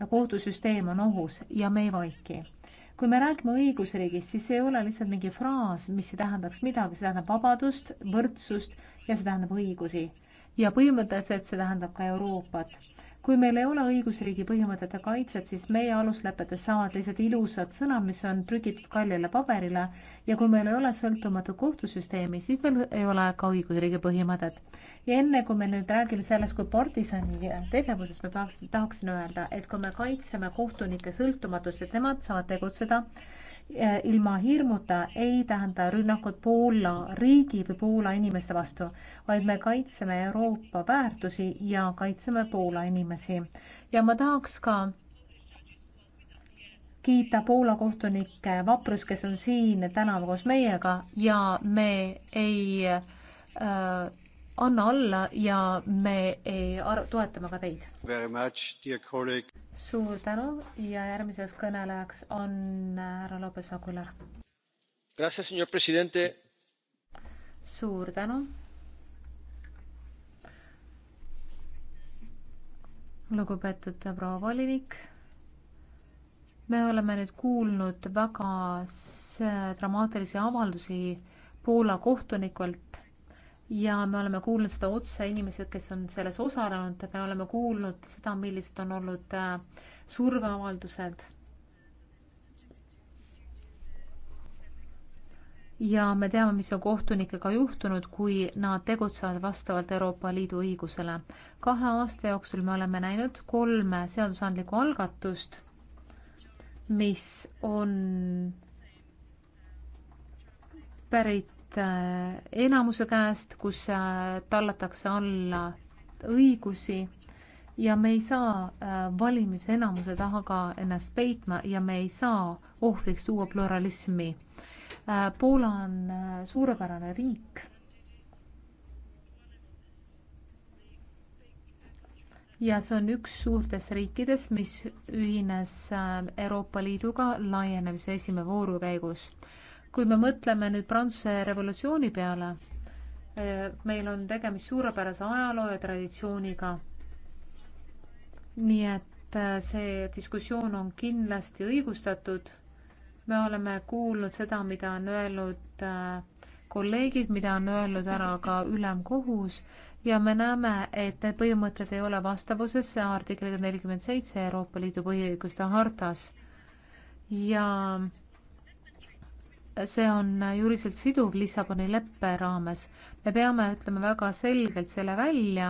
kohtusüsteem on ohus ja me ei vaiki kui me räägime õigusriigist, siis see ei ole lihtsalt mingi fraas, mis ei tähendaks midagi, see tähendab vabadust, võrdsust ja see tähendab õigusi. ja põhimõtteliselt see tähendab ka Euroopat. kui meil ei ole õigusriigi põhimõtete kaitset, siis meie aluslepetes saavad lihtsalt ilusad sõnad, mis on trükitud kallile paberile ja kui meil ei ole sõltumatu kohtusüsteemi, siis meil ei ole ka õigusriigi põhimõtet ja enne kui me nüüd räägime sellest kui partisani tegevusest, ma tahaks, tahaksin öelda, et kui me kaitseme kohtunike sõltumatust, et nemad saavad tegutseda eh, ilma hirmuta, ei tähenda rünnakut Poola riigi või Poola inimeste vastu, vaid me kaitseme Euroopa väärtusi ja kaitseme Poola inimesi. ja ma tahaks ka kiita Poola kohtunikke vaprus, kes on siin täna koos meiega ja me ei äh, anna alla ja me toetame ka teid. suur tänu ja järgmiseks kõnelejaks on härra Lopez Aguilar. suur tänu. lugupeetud proua volinik me oleme nüüd kuulnud väga dramaatilisi avaldusi Poola kohtunikelt, ja me oleme kuulnud seda otse inimesed, kes on selles osalenud, me oleme kuulnud seda, millised on olnud äh, surveavaldused. ja me teame, mis on kohtunikega juhtunud, kui nad tegutsevad vastavalt Euroopa Liidu õigusele. kahe aasta jooksul me oleme näinud kolme seadusandlikku algatust, mis on pärit Äh, enamuse käest, kus äh, tallatakse alla õigusi ja me ei saa äh, valimisenamuse taha ka ennast peitma ja me ei saa ohvriks tuua pluralismi. Poola on suurepärane riik ja see on üks suurtest riikidest, mis ühines Euroopa Liiduga laienemise esimene vooru käigus kui me mõtleme nüüd Prantsuse revolutsiooni peale, eh, meil on tegemist suurepärase ajaloo ja traditsiooniga. nii et eh, see diskussioon on kindlasti õigustatud. me oleme kuulnud seda, mida on öelnud eh, kolleegid, mida on öelnud ära ka ülemkohus ja me näeme, et need põhimõtted ei ole vastavuses artikliga nelikümmend seitse Euroopa Liidu põhiõiguste hartas. ja see on juriselt siduv Lissaboni leppe raames. me peame ütlema väga selgelt selle välja.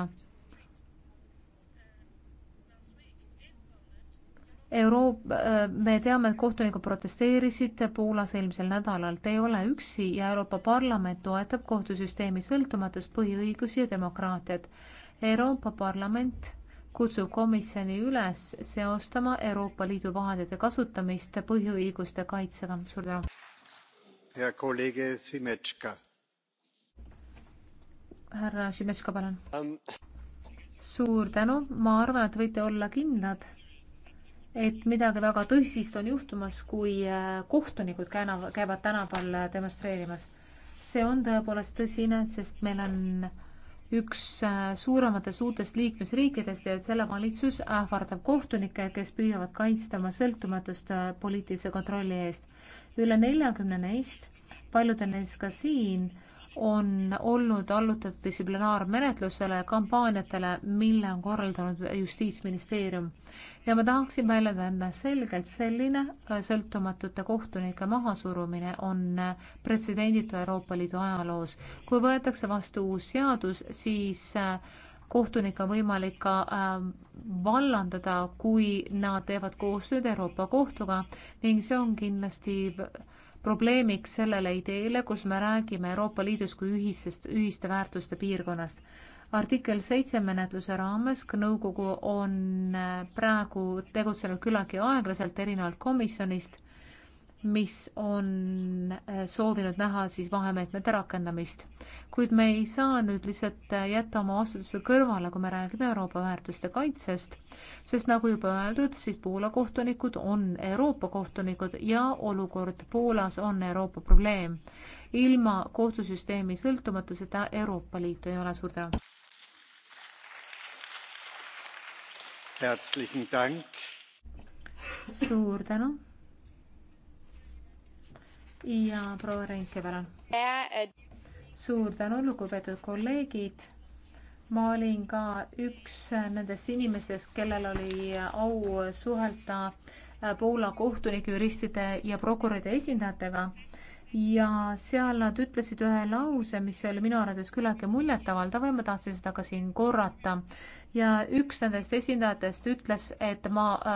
Euroop-, äh, me teame, et kohtunikud protesteerisid Poolas eelmisel nädalal, te ei ole üksi ja Euroopa Parlament toetab kohtusüsteemi sõltumatus põhiõigusi ja demokraatiat. Euroopa Parlament kutsub komisjoni üles seostama Euroopa Liidu vahendite kasutamist põhiõiguste kaitsega. suur tänu! härra Šimetška, palun um.... suur tänu, ma arvan, et võite olla kindlad, et midagi väga tõsist on juhtumas, kui äh, kohtunikud käinav, käivad tänaval äh, demonstreerimas. see on tõepoolest tõsine, sest meil on üks äh, suurematest uutest liikmesriikidest ja selle valitsus ähvardab kohtunikke, kes püüavad kaitsta oma sõltumatust poliitilise kontrolli eest üle neljakümne neist, paljudel neist ka siin, on olnud allutatud distsiplinaarmenetlusele, kampaaniatele, mille on korraldanud Justiitsministeerium. ja ma tahaksin väljendada selgelt, selline äh, sõltumatute kohtunike mahasurumine on äh, pretsedenditu Euroopa Liidu ajaloos. kui võetakse vastu uus seadus, siis äh, kohtunikke on võimalik ka ähm, vallandada, kui nad teevad koostööd Euroopa Kohtuga ning see on kindlasti probleemiks sellele ideele, kus me räägime Euroopa Liidus kui ühisest, ühiste väärtuste piirkonnast. artikkel seitse menetluse raames nõukogu on äh, praegu tegutsenud küllaltki aeglaselt erinevalt komisjonist mis on äh, soovinud näha siis vahemeetmete rakendamist. kuid me ei saa nüüd lihtsalt äh, jätta oma vastutuse kõrvale, kui me räägime Euroopa väärtuste kaitsest, sest nagu juba öeldud, siis Poola kohtunikud on Euroopa kohtunikud ja olukord Poolas on Euroopa probleem. ilma kohtusüsteemi sõltumatuseta Euroopa Liitu ei ole. suur tänu! suur tänu! ja proua Reinke, palun. suur tänu, lugupeetud kolleegid. ma olin ka üks nendest inimestest, kellel oli au suhelda äh, Poola kohtunike, juristide ja prokuröride esindajatega ja seal nad ütlesid ühe lause, mis oli minu arvates küllaltki muljetavaldav ja ma tahtsin seda ka siin korrata. ja üks nendest esindajatest ütles, et ma äh,